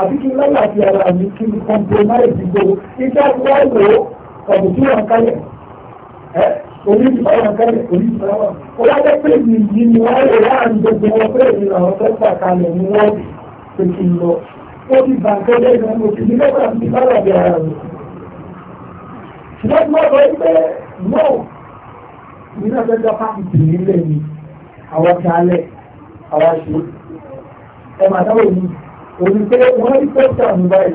[SPEAKER 1] àbí kí lọ́la ti ara mi kí n kọ́ńtò máa ìdìbò iṣẹ́ àti wáyé ọ̀dùn tí wọ́n ń kalẹ̀ ẹ́ onífọwọ́ kẹ́lẹ̀ onífọwọ́ ó wá jẹ́ pé ìyí ni wọ́n lè láàrin gbogbo wọn pé ìrìn àwọn tó gbà kalẹ̀ ní wọ́n ti ti lọ ó ti bà kẹ́lẹ́ ìrìn àwọn òsì ní lọ́gbà ti bára bí ara rẹ̀ ṣùgbọ́n tí wọ́n sọ pé no nínú ọjọ́ fásitì nílẹ̀ ni àwọn ti alẹ̀ àwọn ṣe ẹ máa dáwọ̀ yìí òní pé wọ́n rí pé ṣàmùbáyì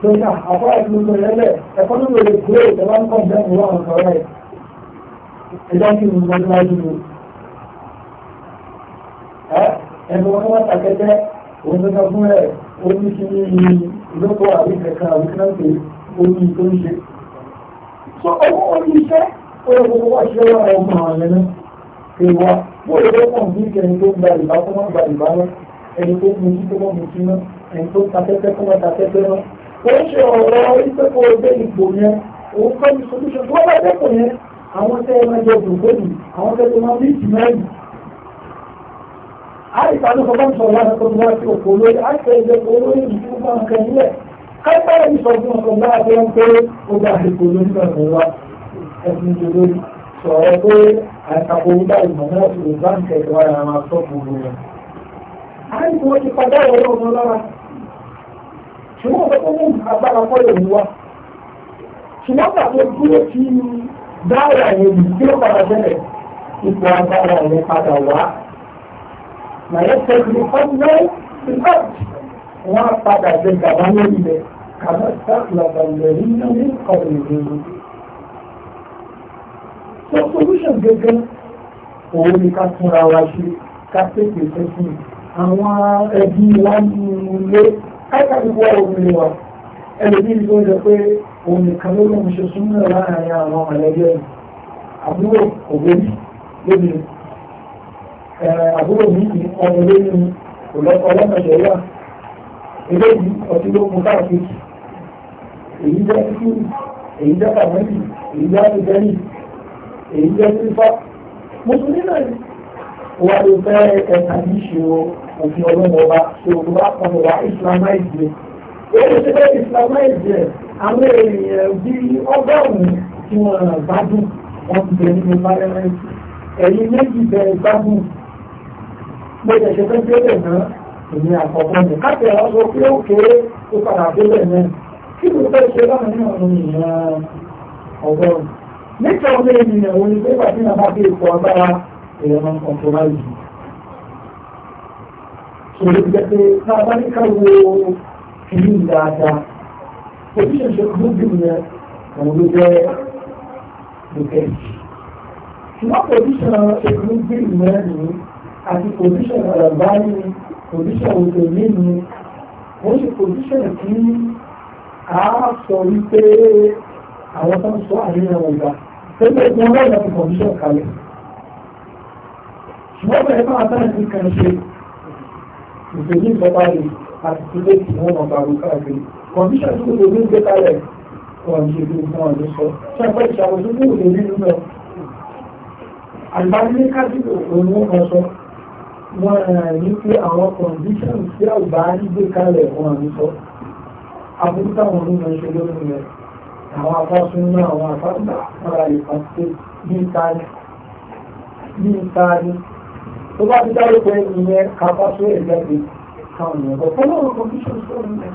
[SPEAKER 1] Sọ́jà àbá ìlú lẹ́lẹ̀ ẹ̀kọ́ ló lè gbé ìjọba ń kọ̀ jẹ́ ìwà ọ̀sọ̀ rẹ̀. Ẹjọ́ kí ni wọ́n máa dúró. Ẹnu wọn wá tàkẹ́jẹ́ òun tó fún ẹ̀ omi ti ní ìlọ́kọ àbí kẹ̀kẹ́ àbí kẹ́kẹ́ omi tó ń ṣe. Sọ owó orí iṣẹ́ ó yẹ kó wá ṣe wá ọmọ àlẹ́ náà. Èèwà wọ́n yẹ kó kàn bí ẹni tó gba ìbá tó má gba ìbá kò ń ṣe ọ̀rọ̀ ìpẹ́kọ̀ ọgbẹ́ ìpò yẹn òun kọ́ ní solution tó wọ́n bá dẹ́kọ̀ yẹn àwọn tẹ́ ẹ máa jẹ òdòdó nì àwọn tẹ́ tó máa ní ìtìmẹ́rì àìsàn ló fọwọ́n sọ wọn kó tó wá sí òkò olóyè àìsàn ẹgbẹ́ olóyè ìlú bá ń kẹ́ nílẹ̀ káìpẹ́rẹ́ ní sọ fún ọkọ̀ bá a jẹ́ ń pé ó gba àsìkò lórí ọ̀rọ̀ wa ẹ̀sìn ìjọba sọ̀rọ̀ pé àìsàkó bá ìmọ̀ náà sì lè bá ń kẹ́ ìwà àwọn asọ́kùnrin rẹ̀. àìsàn ó ti padà ọ̀rọ̀ ọmọ lára ṣùgbọ́n ọ̀pọ̀ tó ní agbára fọ́lẹ̀ ní wa ṣùgbọ́n pàtó dúró tí dára yẹn lù kí ó padà bẹ̀rẹ̀ ipò agbára yẹn padà wá màá ṣe ní ọdún ìgbà wọn á padà bẹ gàdá lórí rẹ kàmá sáfìlàbà lẹ́yìn náà ní ọ̀rọ̀ ìlú. so solution gẹ́gẹ́ òun ni ká túnra wa ṣe ká tètè fẹ́ sí àwọn ẹbí wa nínú ilé káàkiri gbogbo ọ̀rọ̀ mi wà ẹlòmí ló ń jẹ pé òun nìkan ló lóun ṣe súnmọ́ láàárín àwọn mọ̀lẹ́bí ẹ̀ àbúrò òbẹ́bí lóbi àbúrò mi ní ọmọ lẹ́yìn ọlọ́mọdé wà eléyìí ọtí ló mú káàkiri èyí jẹ́ kíkúrú èyí jẹ́ kàmẹ́lì èyí jẹ́ àbẹ̀bẹ́lì èyí jẹ́ fífá mùsùlùmí náà wà ló fẹ́ ẹ̀ka ní ìṣòro òfin ọlọ́run ọba tó o wá kan wá islamize rẹ̀ èyí ti fẹ́ islamize rẹ̀ àwọn èèyàn bí ọgọ́rùn-ún tí wọ́n gbádùn wọ́n ti bẹ̀ nínú parliament ẹ̀yìn méjì bẹ̀ gbádùn mo tẹ̀sẹ̀ fẹ́ délẹ̀ náà èmi àkọ́kọ́ mi káàkiri àwọn sọ pé ó kéré ó padà délẹ̀ náà kí ló fẹ́ ṣe láwọn ní ọ̀run ìyẹn ọgọ́rùn-ún nítorí ọmọ ènìyàn òun ni pé bàtí Òun jẹ́ pé ká bá ní ká wo ìlú dáadáa. Òbí ìṣẹ́ gbójú yẹn òun ló jẹ́ lókè. Ṣùgbọ́n pòsíṣàn ìgbójú yẹn ni àti pòsíṣàn àràbá ni pòsíṣàn òṣèlú ni wọ́n ṣe pòsíṣàn tí a sọ wípé àwọn tó ń sọ àríyàn ọgbà pẹ̀lú ẹgbẹ́ wọn láti pòsíṣàn kalẹ̀. Ṣùgbọ́n bẹ̀rẹ̀ máa bá ẹ̀sìn kan ṣe ìgbèjì ìjọba lè àti ilé tí wọ́n mọ̀ bàrù káàkiri kọ̀míṣà tó lè ní gbé kalẹ̀ wọn ṣe bí wọn ló sọ ṣẹ́pẹ́ ìṣàkóso tó lè rí nínú àgbáyé kájúlò òun wọn sọ wọn ní pé àwọn kọ̀míṣà tí àgbà gbé kalẹ̀ wọn ló sọ aburú táwọn onímọ̀ ṣe lórí rẹ̀ àwọn afásún ní àwọn afásún náà fara ìfàṣẹ bí ìtaari tó bá ti dárúkọ ìyẹn kápá tó ẹ̀ jáde káwọn èèyàn bọ̀ fọlọ́ ọ̀rọ̀ condition tó ń bẹ̀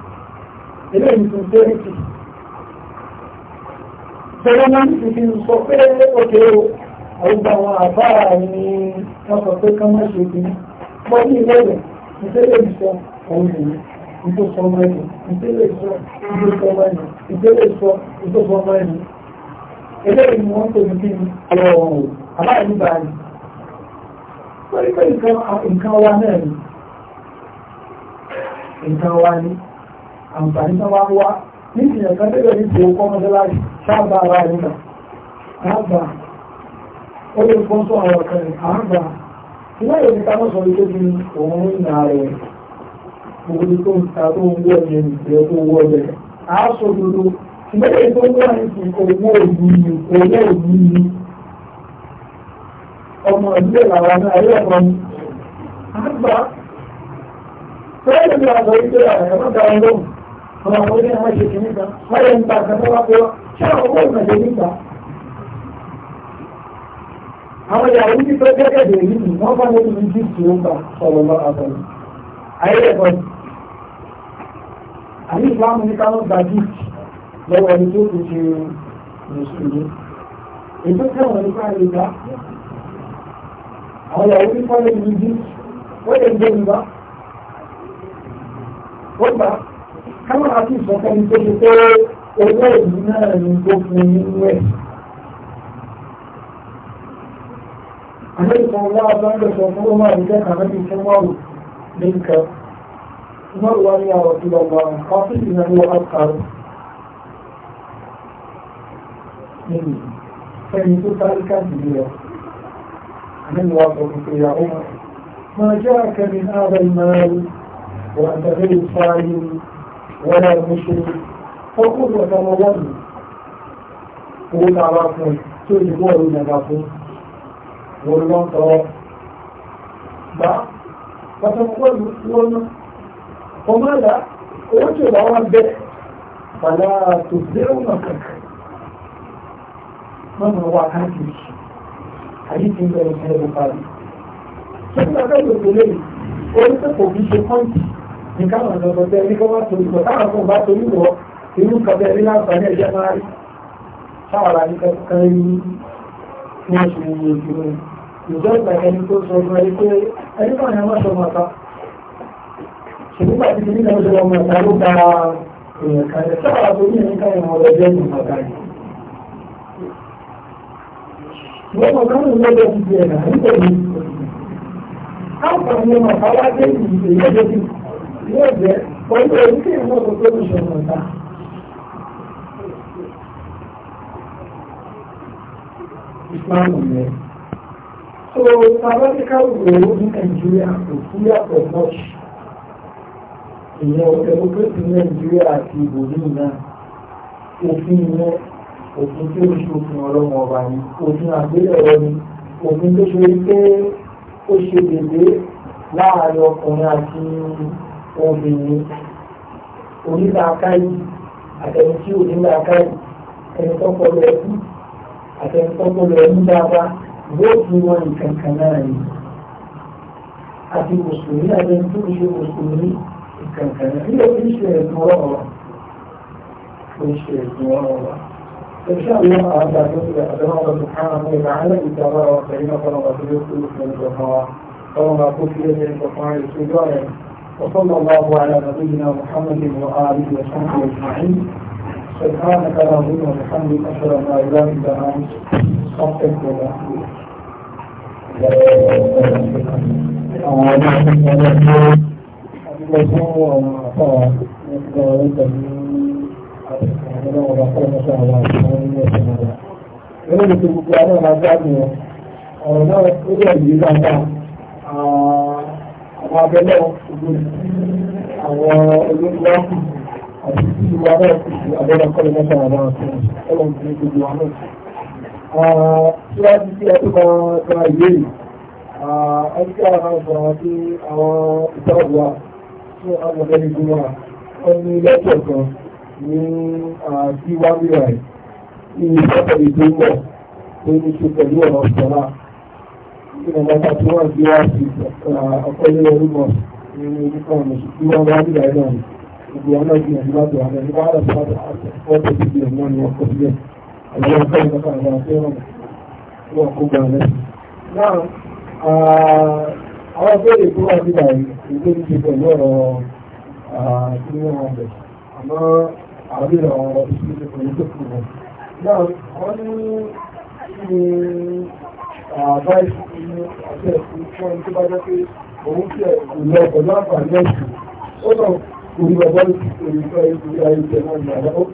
[SPEAKER 1] eléyìí ti dẹ́rẹ́ sí. Bẹ́ẹ̀ náà ti fi sọ pé òkè o, àwùjọ àwọn àbá ni wọ́n sọ pé ká má ṣe bínú. Mọ ní ilé rẹ̀, ìdílé ìsọ òun nìyí, ìtòsọ ọmọ ẹ̀yìn, ìdílé ìsọ ìtòsọ ọmọ ẹ̀yìn, ìdílé ìsọ ìtòsọ ọmọ ẹ̀yìn. Eléyìí ni tó ní kí ni torí pé nǹkan wa náà ni nǹkan wa ni àǹfààní tó wá wá ní ìsìnyẹ̀ kan tẹ́lẹ̀ ní ìṣòwò kọ́ mọ́sálásì sábà ara rẹ̀ nà àgbà ó lè fọ́n tó àwọn ọ̀kan rẹ̀ àgbà ìwé ìwé òun dodo tó ń wọ́ ẹ̀yẹ ọmọ ẹgbẹ́ làwọn náà ayé ọmọ mi. àgbà fẹ́ẹ́lì ni àgbà yìí gbéra ẹ̀ má dára lóhùn àwọn àwọn ilé wọn ṣe kìíní kan wọ́n yẹ nípa àgbà tó wá pé wọ́n ṣé àwọn owó ìmọ̀lẹ́ nígbà. àwọn ìyàwó ní tó gẹ́gẹ́dẹ̀ yìí ni wọ́n bá lórí ní bí tí ó gbà sọ̀rọ̀ lọ àbọ̀lẹ̀ ayé ẹ̀kọ́ ni. àní ìsìláàmù ní káwọn gba gift lọ́wọ́ ẹni tó ti ṣe mùsùlùmí. èyí tó kẹ́wọ̀n nípa àwọn ìyàwó ní kọ́lẹ̀ yìí bí ó lè gbé ìgbà ó gbà káwọn àti ìsọ̀kẹ́ni tó ṣe pé owó ìlú náà ni tó fún nínú ẹ̀. àmẹ́ríkà wá abẹ́rẹ́ sọ fún ọmọ àdúgbò kàmẹ́rì fún mọ́rù ní nǹkan mọ́rù wá ní àwọn ìlọ́gbà ọ́fíìsì náà ní wọ́n á kàrọ̀ níbi ẹni tó sáré káàkiri rẹ̀. من وضعك يا عمر ما جاءك من هذا المال وأنت غير صائم ولا مشرك فخذ وتمول قول عرفني تقول قول نجاحي والله طرف بقى فتمول قول وماذا وجد به فلا تبدئ نفسك من هو عاجز àdìsí ń bẹ̀rẹ̀ sílẹ̀ bùkárì. ṣé ní abẹ́ ìlú tẹ́lẹ̀ orí tó kò fi ṣe pọ́ǹtì ní káwọn ọ̀dọ́ bẹ́ẹ̀ ní kó wá torí lọ káwọn kan bá torí lọ irú kan bẹ́ẹ̀ ní láǹfààní ẹ̀jẹ̀ máa rí sáwọn àní kankan rí ní oṣù yìí ìdúró ìjọba ẹni tó sọ fún ẹni pé ẹni kan yẹn má sọ ọmọ ọ̀tá ṣùgbọ́n àti ìdílé náà sọ ọmọ ọ̀tá ló gba èèyàn kan ẹ̀ sáwọn àtòrí ẹni káyọ̀ ọ̀rọ̀ ẹ̀jẹ̀ ìmọ̀ ọ̀tá yìí wọ́n mọ̀ káwọn lọ́dọ̀ ti di ẹ̀rà nígbà yìí. káàkiri ọmọ àbáwá dé ìdìbò yóò dé yóò jẹ́ pẹ̀lú oríṣi ìwọ̀n tó tó ní ṣọ̀nà ọ̀tá. ìsìláàmù rẹ̀. so sabatika wo ní nàìjíríà kò sí yàtọ̀ much. ìyẹn òkè òkè sí nàìjíríà àti ìbòmí náà òfin yẹn òfin tí ó ṣe òfin ọlọ́mọ ọba ni òfin àgbélẹ̀rọ ni òfin tó ṣe pé ó ṣe dédé láàárín ọkùnrin àti obìnrin onílàákàyè àtẹni tí onílàákàyè ẹni tọ́pọ̀lọ ẹkú àtẹni tọ́pọ̀lọ ẹni dáadáa bóòtù wọn nìkan kan náà ni àti mùsùlùmí àtẹni tó ṣe mùsùlùmí nìkan kan náà ní òfin ẹ̀dùn ọ̀rọ̀ wa ẹ̀dùn ọ̀rọ̀ إن شاء الله هذا نسل أدراك سبحانه وتعالى إتابع وكريمة وغفير كل من الجفاء وما كفية من قطاع السجارة وصلى الله على نبينا محمد وآله وصحبه أجمعين سبحانك اللهم وبحمدك أشهد أن لا إله إلا أنت أستغفرك وأتوب Thank you. ọ̀nà ọ̀rọ̀ akọ́lọ́mọṣẹ́ àwọn àṣìṣe nínú ẹ̀sìn ọ̀dà. Nínú ìlú gbogbo àwọn ọ̀nà àgbàdo ọ̀rọ̀ náà ó dẹ̀ yìí dáadáa. Àwọn abẹ́lẹ̀ ògbó àwọn olóńgbò àti ìlú wa náà kù sí abẹ́lẹ̀ akọ́lọ́mọṣẹ́ àwọn àṣìṣe ọlọ́run gbogbo wa náà. Síwájú sí ẹtú kan gba ìwé yìí, ọdún tí àwọn ọ̀sán àti àwọn ìtọ́jú wa fún àwọn ọ̀gbẹ́ni gbogbo wa, wọ́n ní lẹ́tọ̀ kan ní àti wábíra ẹ̀ ní ìfọ́tẹ̀lẹ̀ tó ń bọ̀ tó ní ṣe pẹ̀lú ọ̀rọ̀ sọ́lá ní ọmọta tí wọ́n gbé wá sí ọ̀pẹ́lẹ̀ orúkọ ní orúkọ ọ̀nà tí wọ́n bá bíra ẹ̀ náà ọ̀nà ìgbìyànjú láti wà lẹ́nu wọ́n á rẹ̀ sọ́tẹ̀ ọ̀pẹ́ ti bìrẹ̀ náà ní ọkọ̀ sílẹ̀ àwọn ọ̀pẹ́ ìgbàkà àwọn afẹ́ràn wọ́n àwọn abẹ́rẹ́ tó wà nígbà yìí ìgbé ti pẹ̀lú ọ̀rọ̀ 300 àmọ́ àbí ọ̀rọ̀ ìṣẹ́lẹ̀ pẹ̀lú tó kù wọn. Náà wọ́n ní ní àbáyé ní ọ̀sẹ̀ ìfún tó bá jẹ́ pé òun fi ẹ̀kọ́ lọ pẹ̀lú àǹfààní ẹ̀sìn. Ó lọ orí bàbá ní orí fẹ́ ìdúrí ayélujára náà ní àbá. Owó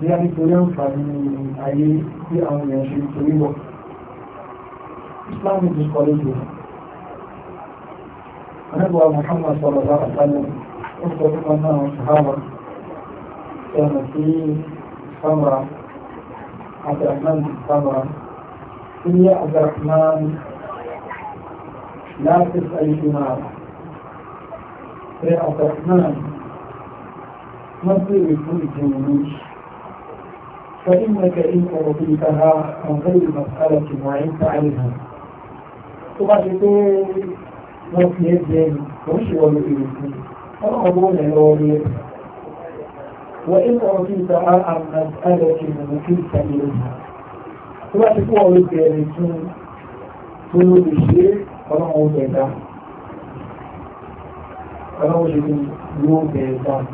[SPEAKER 1] bí a nítorí àǹfààní ayé tí àwọn èèyàn ṣe torí wọ̀. Islamic College wọ̀. Anábọ̀ Muhammad Sọlọ́lá Àtàlẹ̀ ó sọ fún wọn náà ṣàhábà ẹ̀rọ sí Samra Abdulrahman Samra sí Abdulrahman láti ṣàyẹ̀dùnà rẹ̀ Abdulrahman wọ́n sì rí fún ìjẹun méjì. فإنك إن أعطيتها من غير مسألة وعنت عليها ثم تقول وفي يدين وش ولئيتني فأعطون الأولياء وإن أعطيتها عن مسألة وكلت إليها ثم تقول الجالسون تقول الشيء فلا أعطيتها فلا أعطيتها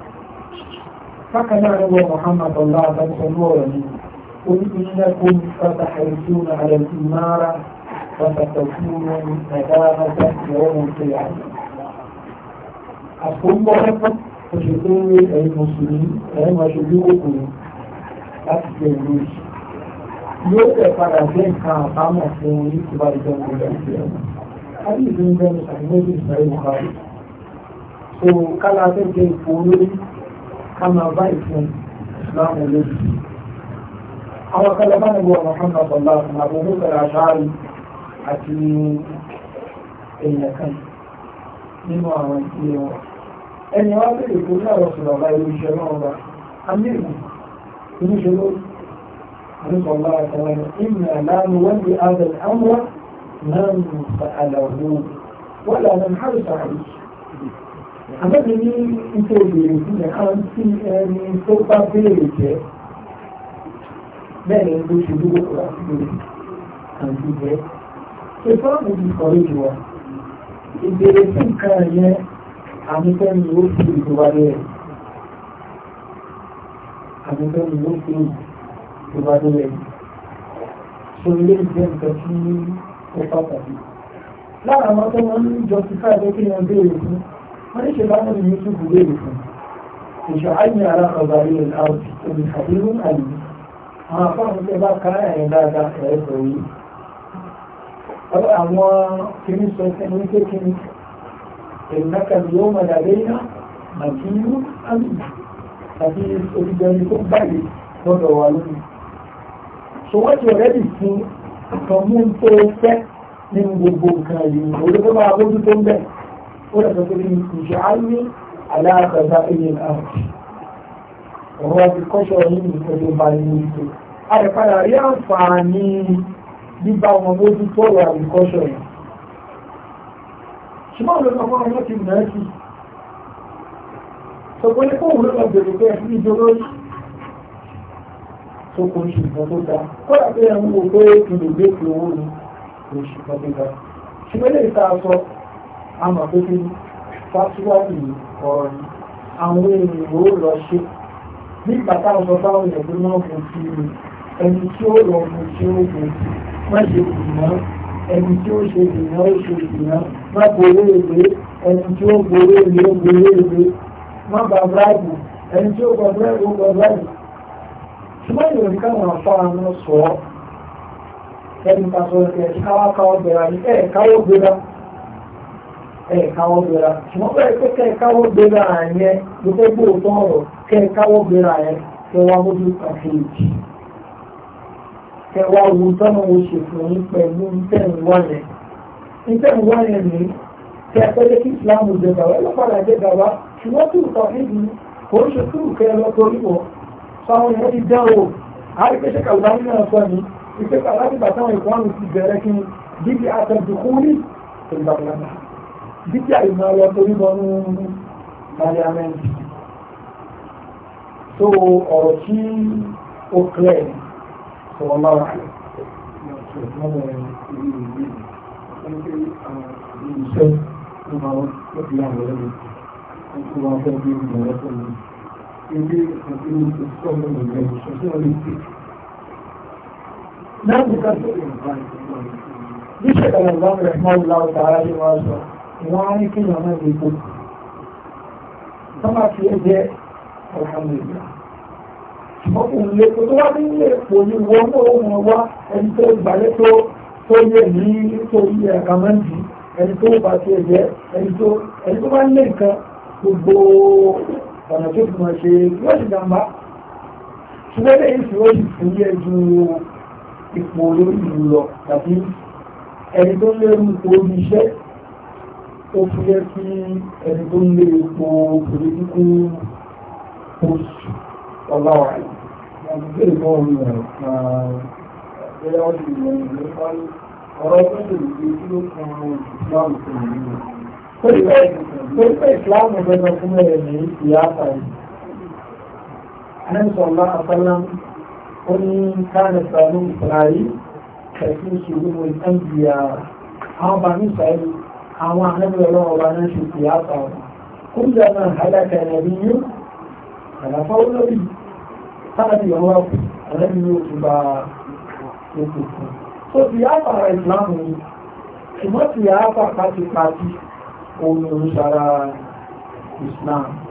[SPEAKER 1] bákan náà ni wọ́n Muhammad ọ̀la àbẹ̀tẹ̀lú ọ̀rọ̀ yìí oníṣẹ́ kó ń fẹ́ta ẹ̀rọ̀jú ààrẹ ti mára pàtàkì fún wọn ẹ̀dá ọjọ́ ìwọ̀n òkè àti àpòmọ́ òṣèlú ẹ̀yìn mùsùlùmí ẹ̀yìn mọ̀ṣẹ́lú òkùnrin láti jẹ́ ìlú ìṣẹ́ yóò tẹ̀ padà jẹ́ nǹkan àbámọ̀ fún orí tó bá jẹ́ ìgbẹ̀rẹ̀ ìgbẹ̀rẹ̀. a ní ìdúnjẹ́ ìṣàmúlò ìṣàmúlò ìṣàmúlò أما ضيف إسلام الجزء أما كلمان أبو محمد صلى الله عليه وسلم أبو موسى العشعري أتيني إن كان نمو عمان إيه إن يوابر يقول يا رسول الله يقول شنو الله أمير موسى إن شنو الله صلى الله عليه وسلم إنا لا نولي هذا الأمر من سأله ولا من حرص عليه àbẹ́bí ní iṣẹ́ ìbéèrè sí ẹ̀ á ń tí ẹni tó bá béèrè jẹ́ bẹ́ẹ̀ ló ṣe dúró kó láti béèrè àti jẹ́ ètò ààbò ti kọ̀ lójú wa ìbéèrè sí nǹkan yẹn àmúfẹ́ni ó fi ìjọba bẹ́ẹ̀ àmúfẹ́ni ó fi ìjọba bẹ́ẹ̀ ṣe ilé ìjẹ́ nǹkan tí ó pàtàkì lára àwọn tó wọn ń jọ sí káàdé kí wọn béèrè fún wọ́n ní ṣe bá wọn ní yútúbù léèrè fún ìṣọ̀háìní alákọ̀ọ́bàrí ìlàrùtì omi àdínú àyè àwọn afọ́nù tẹ bá ká ẹ̀yìn dáadáa ẹ̀rẹ́ pẹ̀lú àwọn kìíní sọ ẹni pé kìíní ìnáka ni yóò máa dàbẹ́ iná àti inú àmì àti olùdarí tó báyìí lọ́dọ̀ wà lónìí. so wọ́n ti ọ̀rẹ́dì fún ọ̀kan mú tó fẹ́ nínú gbogbo nǹkan yìí olùdókòwò abójútó ń ولكن يجعلني على خزائن الأرض وهو بكشر من كل بالميت أنا فلا ينفعني bíbá wọn mójú tó wà ìkọ́ṣọ̀ yìí ṣùgbọ́n ló lọ́wọ́ ọmọ ti mẹ́ sí ṣọ̀pọ̀ ní kó wùlọ́ lọ bèrè pé ẹ̀sìn ìjọ lórí tó kò ṣe ìgbà tó ga kọ́lá pé ẹ̀ ń wo pé ìlú gbé ti owó ni kò ṣe ìgbà tó ga ṣùgbọ́n lè ta sọ àmọ̀ pé kí fásitì ọ̀rọ̀ ni àwọn èèyàn ó lọ ṣe nígbà táwọn sọ fáwọn èèyàn tó náà kò fi ẹni tí ó lọ mú tí ó kò má ṣe ìdìnnà ẹni tí ó ṣe ìdìnnà ó ṣe ìdìnnà má gbowó èlé ẹni tí ó gbowó èlé ó gbowó èlé má gba bíráìbù ẹni tí ó gba bíráìbù ó gba káwọn afárá náà sọ ẹni pàṣẹ ẹ̀ṣin káwá káwọ́ bẹ̀rẹ̀ ẹ̀ káwọ́ gbéra ẹ̀ẹ̀káwọ́ gbéra ṣùgbọ́n bẹ́ẹ̀ pé kẹ́ẹ̀káwọ́ gbéra yẹn ló fẹ́ gbóòótọ́ ọ̀rọ̀ kẹ́ẹ̀káwọ́ gbéra yẹn kẹwàá mójú kàkéèjì kẹwàá wo tọ́nà wo ṣètò yín pẹ̀lú ntẹ̀wá yẹn ntẹ̀wá yẹn ni kẹ́ẹ̀kẹ́lẹ́ kí Islam jẹ gàwá ẹlọ́pàá jẹ gàwá ṣùgbọ́n tí nǹkan níbi kò ń ṣe túrù kẹ́ lọ torí wọ sáwọn yẹn ti dán o àrí pé ṣẹ́kà ìgbà nínú ọ̀sọ́ ni ìpẹ́kà láti bàtà ìkọ́nù bíbí àìmọ̀ lọ torí bọ́ ní pàlíámẹ́ǹtì tó ọ̀rọ̀ tí ó kílẹ̀ sọ̀rọ̀ máa wà lọ. Iṣẹ́ tó máa ń fi àwọn ọ̀rẹ́ mi tó máa ń fẹ́ bí ìrìnàjò fún mi. Ilé àti ìlú tó ń bọ̀ nìyẹn ìṣẹ́jú ọ̀rẹ́ mi. Náà nìkan tó lè bá ìṣẹ́jú ọ̀rẹ́ mi. Bí ìṣẹ̀dá ìwà rẹ̀ máa ń wọ́n á ní kí ìyàmọ́ ìgbèkó sọ́mà tí ó jẹ́ ọ̀hánlẹ̀yà ṣùgbọ́n kò lè kó tó wá ní ilé èpò ní wọ́n mọ́ ohun wá ẹni tó gbàlẹ́ tó tó yẹ ní tó yẹ àkàmọ́ǹdì ẹni tó bá tí ó jẹ́ ẹni tó ẹni tó bá ń lé nǹkan gbogbo ọ̀nà tó fi mọ̀ ṣe ó fi yẹ kí ẹni tó ń lé epo òkèrè kíkú oṣù ọláwà Ọ̀rọ̀ tó ṣe lè fi kí ló kan ìsìláàmù tó lè nílò. Pẹ́pẹ́ ìsìláàmù bẹ́ẹ̀ fún ẹ̀rẹ̀ ní ìyáta yìí. Anẹ́sọ̀ ọ̀la àtàlá ó ní káàlẹ̀ sàánú ìsìláàrí ẹ̀kí ìṣòro ìtàǹdì àwọn bàmí ìsìláàrí àwọn àmì ọlọ́wọ́ wa náà ṣe kì á pa wọn kúrúdà náà hálàkà ẹ̀rí yóò àlàfà olórí sáàbì ọwọ́ ẹ̀rẹ́bí yóò tún bá ètò fún so kì á pa ara ìsìláàmù ni ṣùgbọ́n kì á pátípátí òun ló ń ìsìláàmù.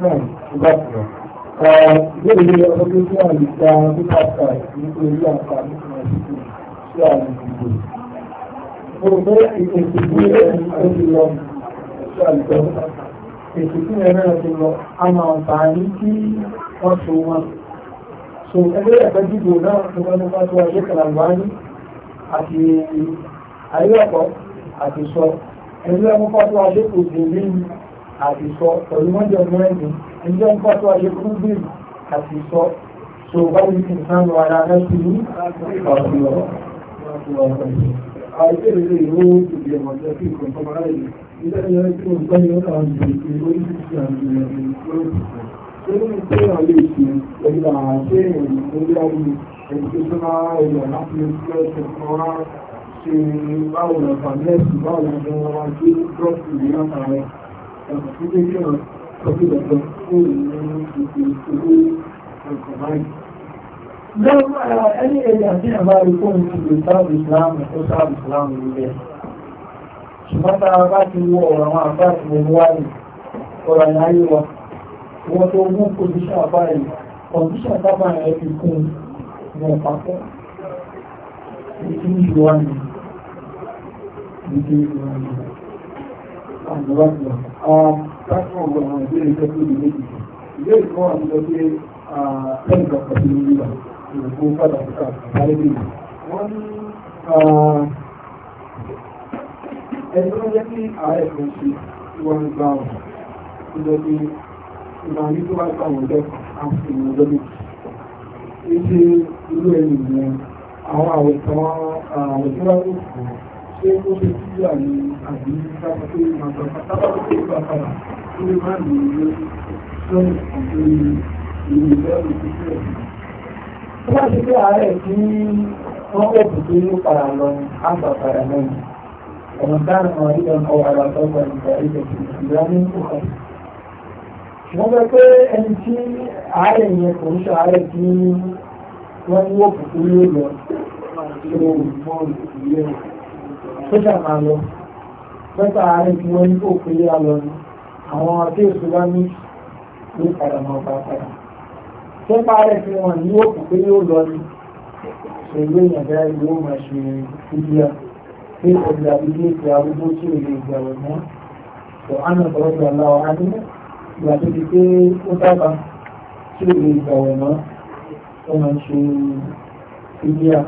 [SPEAKER 1] Bẹ́ẹ̀ni, ìgbà tí wọ́n ìbéèrè ọdún tí wọ́n lè gba nípa ìgbà nípa ìgbà nípa ìgbà sí àwọn ìdìbò mo rò pé ìtòsíkú rẹ̀ ó ti lọ ṣàlùkọ́ ìtòsíkú rẹ̀ náà ti lọ a máa bà ní kí wọ́n so wọn so ẹgbẹ́ ẹ̀fẹ́ dìbò náà tó bá nípa tó ẹgbẹ́ kàlàgbá ní àti ayélujáfọ́ àti sọ ẹgbẹ́ ẹ̀fọ́ tó ẹgbẹ́ kò sí ní àti sọ pẹ̀lú mọ́jọ mẹ́rin ẹgbẹ́ ẹ̀fọ́ tó ẹgbẹ́ kú bí àti sọ so báyìí àìsí ìlú ìlú ìdí ọmọdé sí ìkọ̀ ọmọ rẹ̀ ilé ẹ̀yẹ tí ó ń gbá ní ọ̀tà àjò ìpín oríṣiríṣi àjò ìrìn tó ní pé àlè ìṣe pẹ̀lú àṣẹ ìrìn tó bí àwọn ẹ̀dùkẹ́sọ́nà ẹ̀yà láti ẹgbẹ́ ṣẹ̀kọ́ra ṣe báwọn ẹ̀fà mẹ́sì báwọn ẹ̀fà wọn ṣe dọ́ọ̀tì ní látàrẹ ẹ̀fà tó dé kí ọ̀rọ̀ tọ́jú ẹ̀fà fún ìrìn ìṣèṣe ìṣòro ẹ̀kọ́ báyìí lọ́wọ́ ẹni èèyàn tí a bá rí fún ìṣèlú sáàbù ìsìláàmù tó sáàbù ìsìláàmù nílẹ̀ ṣùgbọ́n tá a bá ti wọ ọ̀rọ̀ àwọn àbá ti wọ́n wá ní ọ̀rọ̀ ayé wa wọ́n tó mú pòlíṣà báyìí pòlíṣà sábà rẹ̀ fi kún wọn papọ̀ ìdí ìwà ni ìdí ìwà ni àgbàlagbà àtàkùn ọgbọ̀n àwọn ìbéèrè tẹ́kùn ìlú méjì ìbéèrè kan àti lọ sí ẹnìkan pẹ̀lú ìlú ìlú padà sí àgbáyébì wọ́n ní ẹni tó jẹ́ kí ààrẹ kan ṣe tí wọ́n ń gbà wọ́n tó jẹ́ kí ìbàní tó wá gbà wọ́n lẹ́kọ̀ọ́ àti ìwọ̀n lọ́dún ìṣe irú ẹni ìyẹn àwọn àwẹ̀ kan àwẹ̀ tó wá tó kù ṣé ṣe sí àmì àbí sábà tó bá ṣe pé ààrẹ tí wọ́n pẹ̀ tó tó yóò padà lọ àgbà padà lẹ́yìn ọ̀nà dáná àwọn ìjọ ọwọ́ àgbà tó gbà nípa ìjọ ìjọba ní ìkókò wọ́n fẹ́ pé ẹni tí ààrẹ yẹn kò ń ṣe ààrẹ tí wọ́n ní wọ́pù tó yóò lọ ṣe olùkọ́ ìlú tó ṣàmà lọ pẹ́ta ààrẹ tí wọ́n ní kò pé yá lọ àwọn akéèsù bá ní ní padà máa bá padà nípa rẹ̀ fi wọn ní òkú pé yóò lọ ní pẹ̀lú ìyànjẹ́ yóò máa ṣe ìdíyà pé ọ̀dà ilé ìfẹ́ arúgbó tí ò lè gbẹ̀rẹ̀ mọ́ tó ánà tọ́jú aláwọ̀ á ní ìgbà tó di pé ó dábàá tí ò lè gbẹ̀rẹ̀ mọ́ ó máa ṣe ìdíyà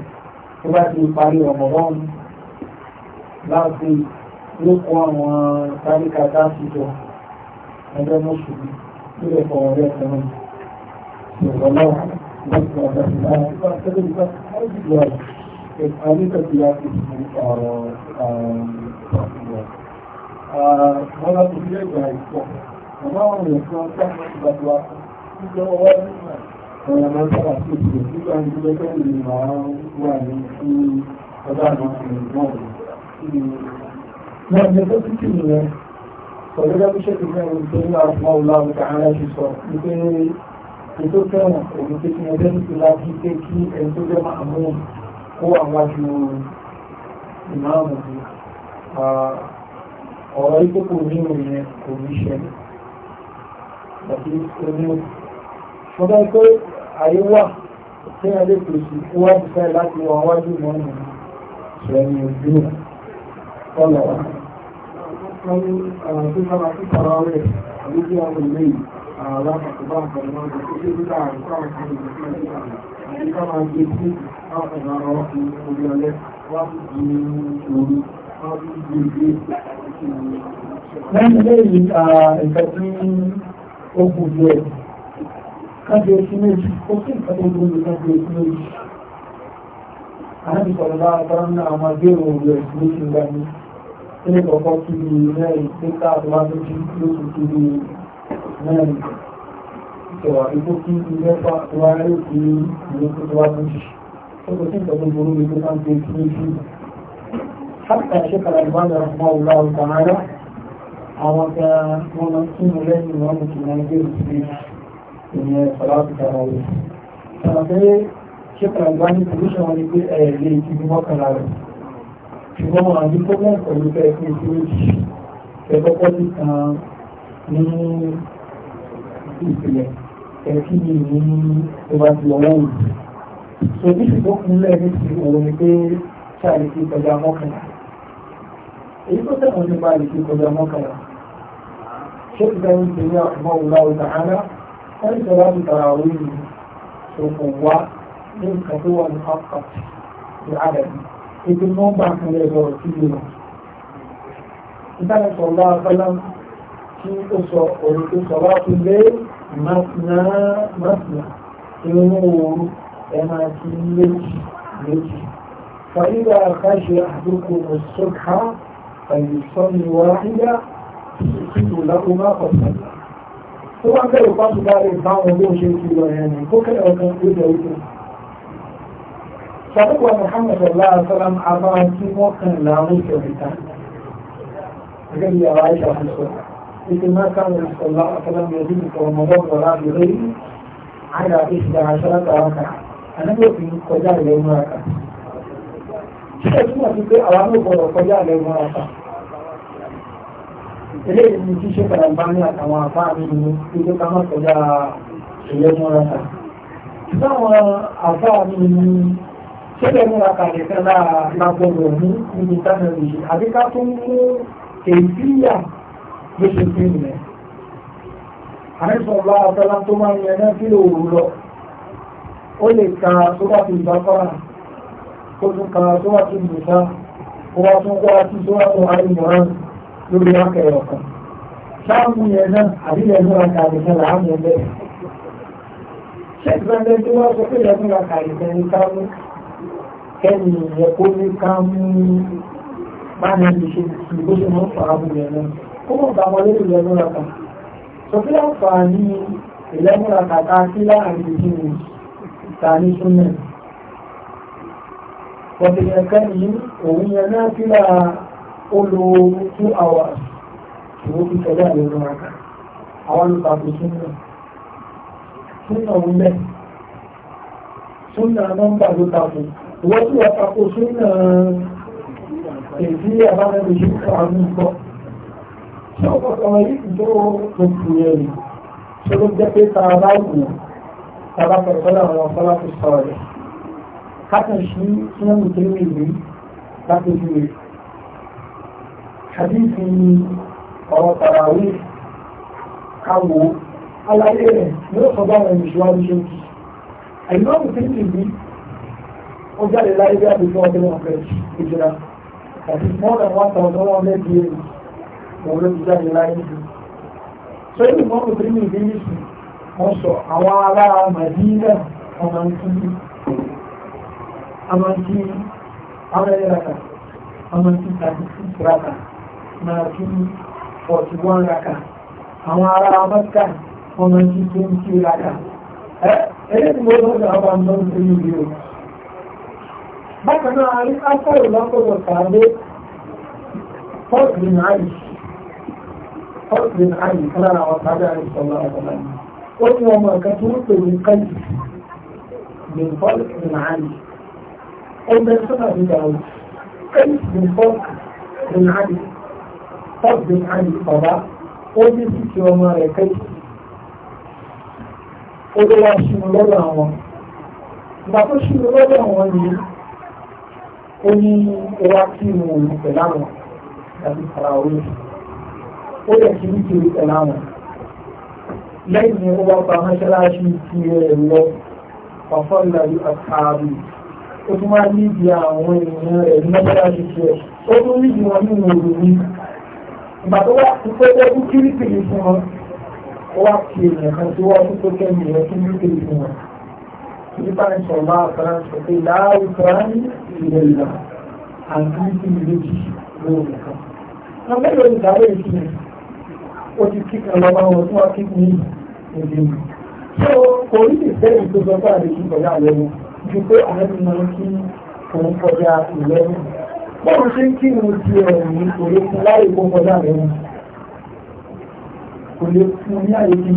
[SPEAKER 1] tó bá ti parí ọmọ wọn láti ló kọ àwọn tàríkà dáàtì jọ ẹgbẹ́ mọ́ṣùgbọ́n nílẹ̀ kọ̀ọ̀rẹ́ ẹ̀rọ والله نعم يقول كثير من فلذا بشكل ما يقول الله تعالى في الصلاة ètò fẹ́ràn òun pé kí ẹgbẹ́ ní ìlà kí pé kí ẹni tó jẹ́ máa mú kó àwọn ju ìmáàmù bí ọ̀rọ̀ ipò kò ní ìrìn kò ní ṣẹlẹ̀ tàbí oní ṣùgbọ́n pé ayé wà tí a lè pèsè wá ìfẹ́ láti wọ àwájú mọ́nà ṣẹ̀yìn ojú ọ̀nà wa. Wọ́n àwọn tó sára sí tàrà rẹ̀ àbí bí àwọn ilé yìí za ka ku ba ka zama da kuɗi zuwa a kawai kan da suke da shi kama ke ku a ka zara wasu kuɗiyale wa ku ji wuri wa ku ji wuri lẹ́yìn lẹ́yìn nǹkan tí ó kù díẹ̀ kájọ sí méjì ó sì nǹkan tó gbogbo kájọ sí méjì àti sọ̀rọ̀ bá bá ń náà máa gbèrò rẹ̀ sí méjì gbani ilé kọ̀ọ̀kan kiri mẹ́rin pé káàdùn wá méjì lóṣù kiri mẹ́rin ìṣẹ̀wà ikú kí ilé pa tó wá rí sí ilé tó tó wá tó ṣe ó kò sí ìtọ́jú burú ní tó máa ń gbé sí ojú ṣáàtà ṣe kàrà ìbára ọmọ ọ̀la ọ̀tà ara àwọn ọ̀gá wọn máa ń kí mo lẹ́yìn wọn mo kì máa ń gbé sí ìyẹn ọ̀la ọ̀tà ara rẹ̀ sọ̀rọ̀ pé ṣe kàrà ìbára ní solution wọn ni pé ẹ̀ lè ti bí mọ́kànlá rẹ̀ ṣùgbọ́n wọn àbí tó mẹ́kọ̀ọ́ sí ìpìlẹ̀ ẹ̀kí ní ìwádìí ọwọ́ òní. So bí ṣùgbọ́n kún lẹ́ẹ̀rí sí òun ni pé ṣáàlì fi kọjá mọ́kànlá. Èyí tó tẹ̀wọ̀n ní bá lè fi kọjá mọ́kànlá. Ṣé ìdáhùn ti ní àkùnmọ́ òun láwùjọ tààrà? Wọ́n ti sọ̀rọ̀ àbùkà àwọn ènìyàn tó kò wá ní nǹkan tó wà ní ọkọ̀ ní àdàbí. Ètò nọ́mbà kan lè lọ sí ìlú. Ìdáhùn sọ̀rọ̀ àbálá tí ó sọ òun tó sọ̀rọ̀ àtúndé mọ́sánà mọ́sánà inú ooru ẹ máa ti méjì méjì fàyíwá àkáṣe àdúgbò mọ̀sọ́ká fàyíṣọ́ni wáyá títù lákòókò ọ̀sán tó wá bẹ̀rù pásùbá rẹ̀ báwọn bó ṣe ti lọ ẹ̀yẹn ní kókẹ́ ọ̀kan tó jẹ́ wípé sàdúgbà Muhammad sallallahu alaihi wasallam gẹ́gẹ́ bí àwọn àìsàn àìsàn لكن ما كان صلى الله عليه وسلم يزيد رمضان ولا بغيره على إحدى عشرة ركعة النبي في قجاء يوم ركعة شيخنا في أوامر قجاء يوم ركعة eléyìí ni tí ṣe padà bá ní àtàwọn àfá mi ní ilé ká má kọjá ìyẹnu rata láwọn àfá mi ní ṣẹlẹ̀ ní rata nìkan lágbọ̀dọ̀ ní níbi tánà rèé àbíká tó ń mú èyí ló ṣe pé nìyẹn àìsàn ọba àtàlà tó máa ń yẹn náà kí òru lọ ó lè ka tó bá ti gbà fara tó tún ka tó bá ti gbù sá ó wá tún wá sí tó wá tún àyè mọ́rán lórí akẹ́yọ̀ kan sáàmù yẹn náà àbílẹ̀ ló ra kàrí kan làámù bẹ́ẹ̀ ṣé ìgbàgbé tó wá sọ pé ìyẹn ló ra kàrí ní kámú kẹ́ni ìyẹn ní kámú máa ní ìṣe ìṣe bó ṣe yẹn náà kó mọ̀ bá wọn lórí ìlẹ́nu raka sọ kí ló fà á ní ìlẹ́nu raka ká sí láàrin ìdíwò ta ní súnmẹ̀ wọ́pẹ̀yẹ kẹ́ni òun yẹn náà sí láà ó lo two hours ìwé fi tẹ̀lé àlejò raka àwọn olùkàkù súnmẹ̀ súnmẹ̀ òun bẹ́ẹ̀ súnmẹ̀ nọ́mbà ló takò wọ́n tí wọ́n takò súnmẹ̀ èyí àbámẹ́rin yìí kọ́ àwọn nǹkan tí ó kọ̀ sọ̀rọ̀ yìí tó oṣù yẹn ni ṣe ló jẹ́ pé ta ara wù tàbá pẹ̀lú àwọn ọ̀fọ́lá tó sọ̀rọ̀ rẹ̀ kákan sí sinamu tẹ́lẹ̀ ìlú láti ju rẹ̀ hadithi ni ọ̀rọ̀ tàràwí káwo aláyé rẹ̀ ní ó sọ bá àwọn ìṣúwájú ṣe ń kí àìlọ́mù tẹ́lẹ̀ ìlú ó jáde láyé bí àdúgbò ọdún ọ̀fẹ́ ìjìnà òun ló ti jáde láyé jù so ibi mọ́ kò tẹ́lẹ̀ ìdí nìsí wọ́n sọ àwọn ará Màdínà ọmọ nkí ọmọ nkí amẹ́rẹ́ràkà ọmọ nkí thirty six raka máa kí forty one raka àwọn ará Mẹ́kà ọmọ nkí twenty raka ẹ̀ẹ́dẹ́gbẹ̀rún lọ́dọ̀ àwọn ọmọ nkí ìdí o bákan náà a rí afọ́ tàbí fọ́ọ̀tì náà yìí ọ̀sìn àyè lára àwọn tàbí àìsọ̀lá ọ̀sọ̀lá ó ní ọmọ nǹkan tó ń pè ní káyì ní fọ́ọ̀sì àyè ó bẹ sọ́nà nígbà ó káyì ní fọ́ọ̀sì àyè fọ́ọ̀sì àyè ọ̀bá ó ní sísè ọmọ rẹ̀ káyì ó ló wá ṣe lọ́dọ̀ àwọn ìgbà tó ṣe lọ́dọ̀ àwọn yìí ó ní ó wá kí wọn pẹ̀lú àwọn tàbí fara orí ó yẹ kí ní kiri pẹ̀lú àwọn lẹ́yìn ni ó wá pa mọ́ṣáláṣí ti rẹ̀ lọ ọ̀fọ́ ìlàrí àkàrí ó tún wá níbi àwọn èèyàn rẹ̀ ní mọ́ṣáláṣí ti rẹ̀ ó tún níbi wọn nínú òru ní ìgbà tó wá ti pé ó kú kiri kiri fún wọn ó wá kí èèyàn kan tó wá tó tó kẹ́mi rẹ̀ kiri kiri fún wọn nípa ìṣọ̀lá àfẹ́ránṣẹ́ pé láàrúkọ́ ìrẹ̀ ìlà àti ìlú méjì lóòrùn kan. Wọ́n mẹ́lòó ìdáwó ìfihàn ó ti kí kan lọ́wọ́ wọn tí wọ́n kí ní èdè mi. so kò ní ìfẹ́ ìtòsọ fún àdéhùn kọjá lẹ́nu ju pé àlejò máa ń kí òun kọjá ìlẹ́nu. bọ́ọ̀lù ṣe ń kírun ti ẹ̀rùn ní kò lè fún láyé kó kọjá lẹ́nu kò lè fún ní àyè kí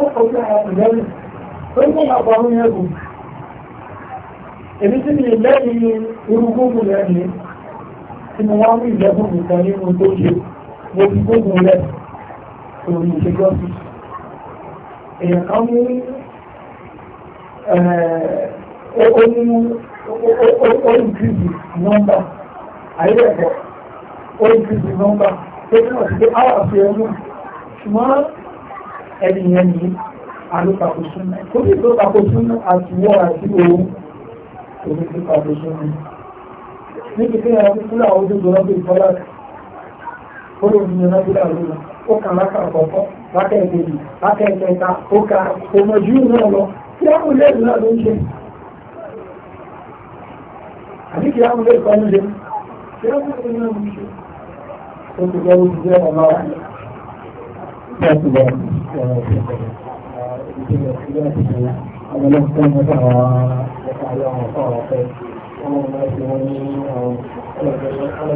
[SPEAKER 1] ó kọjá ìlẹ́nu. ó ní àpò àwọn yẹn kù. èmi sì ní lẹ́yìn irú gbogbo lẹ́yìn tí mo wá ń rí ìlẹ́kùn nìkan nínú tó ṣe mo fi gbogbo lẹ́yìn òun ìgbẹ́jọ́ sí èèyàn kan mú ó ní ó ń gírígì nọ́mbà àyẹ̀kọ́ ó ń gírígì nọ́mbà tó túnmọ̀ sí pé áwà fi ẹnu ṣùgbọ́n ẹnìyẹn ní alópapọ̀ súnmọ́ tó ní tó papọ̀ súnmọ́ àti wọ́ àti òun òun ti papọ̀ súnmọ́ ní kékeré àwọn fúlà ojú gbọ́dọ̀ bí ìfọ́lá ó lè ní ọ̀nà fúlà lónìí ó kà àkọ́kọ́ lákà ìkejì lákà ìkẹta ó kà náà lọ kí á mú lẹ́rù náà ló ń ṣe àbí kí á mú lẹ́rù kan lé kí á mú lẹ́rù náà ló ń ṣe ó ti jẹ́ ó ti jẹ́ ọmọ wa ní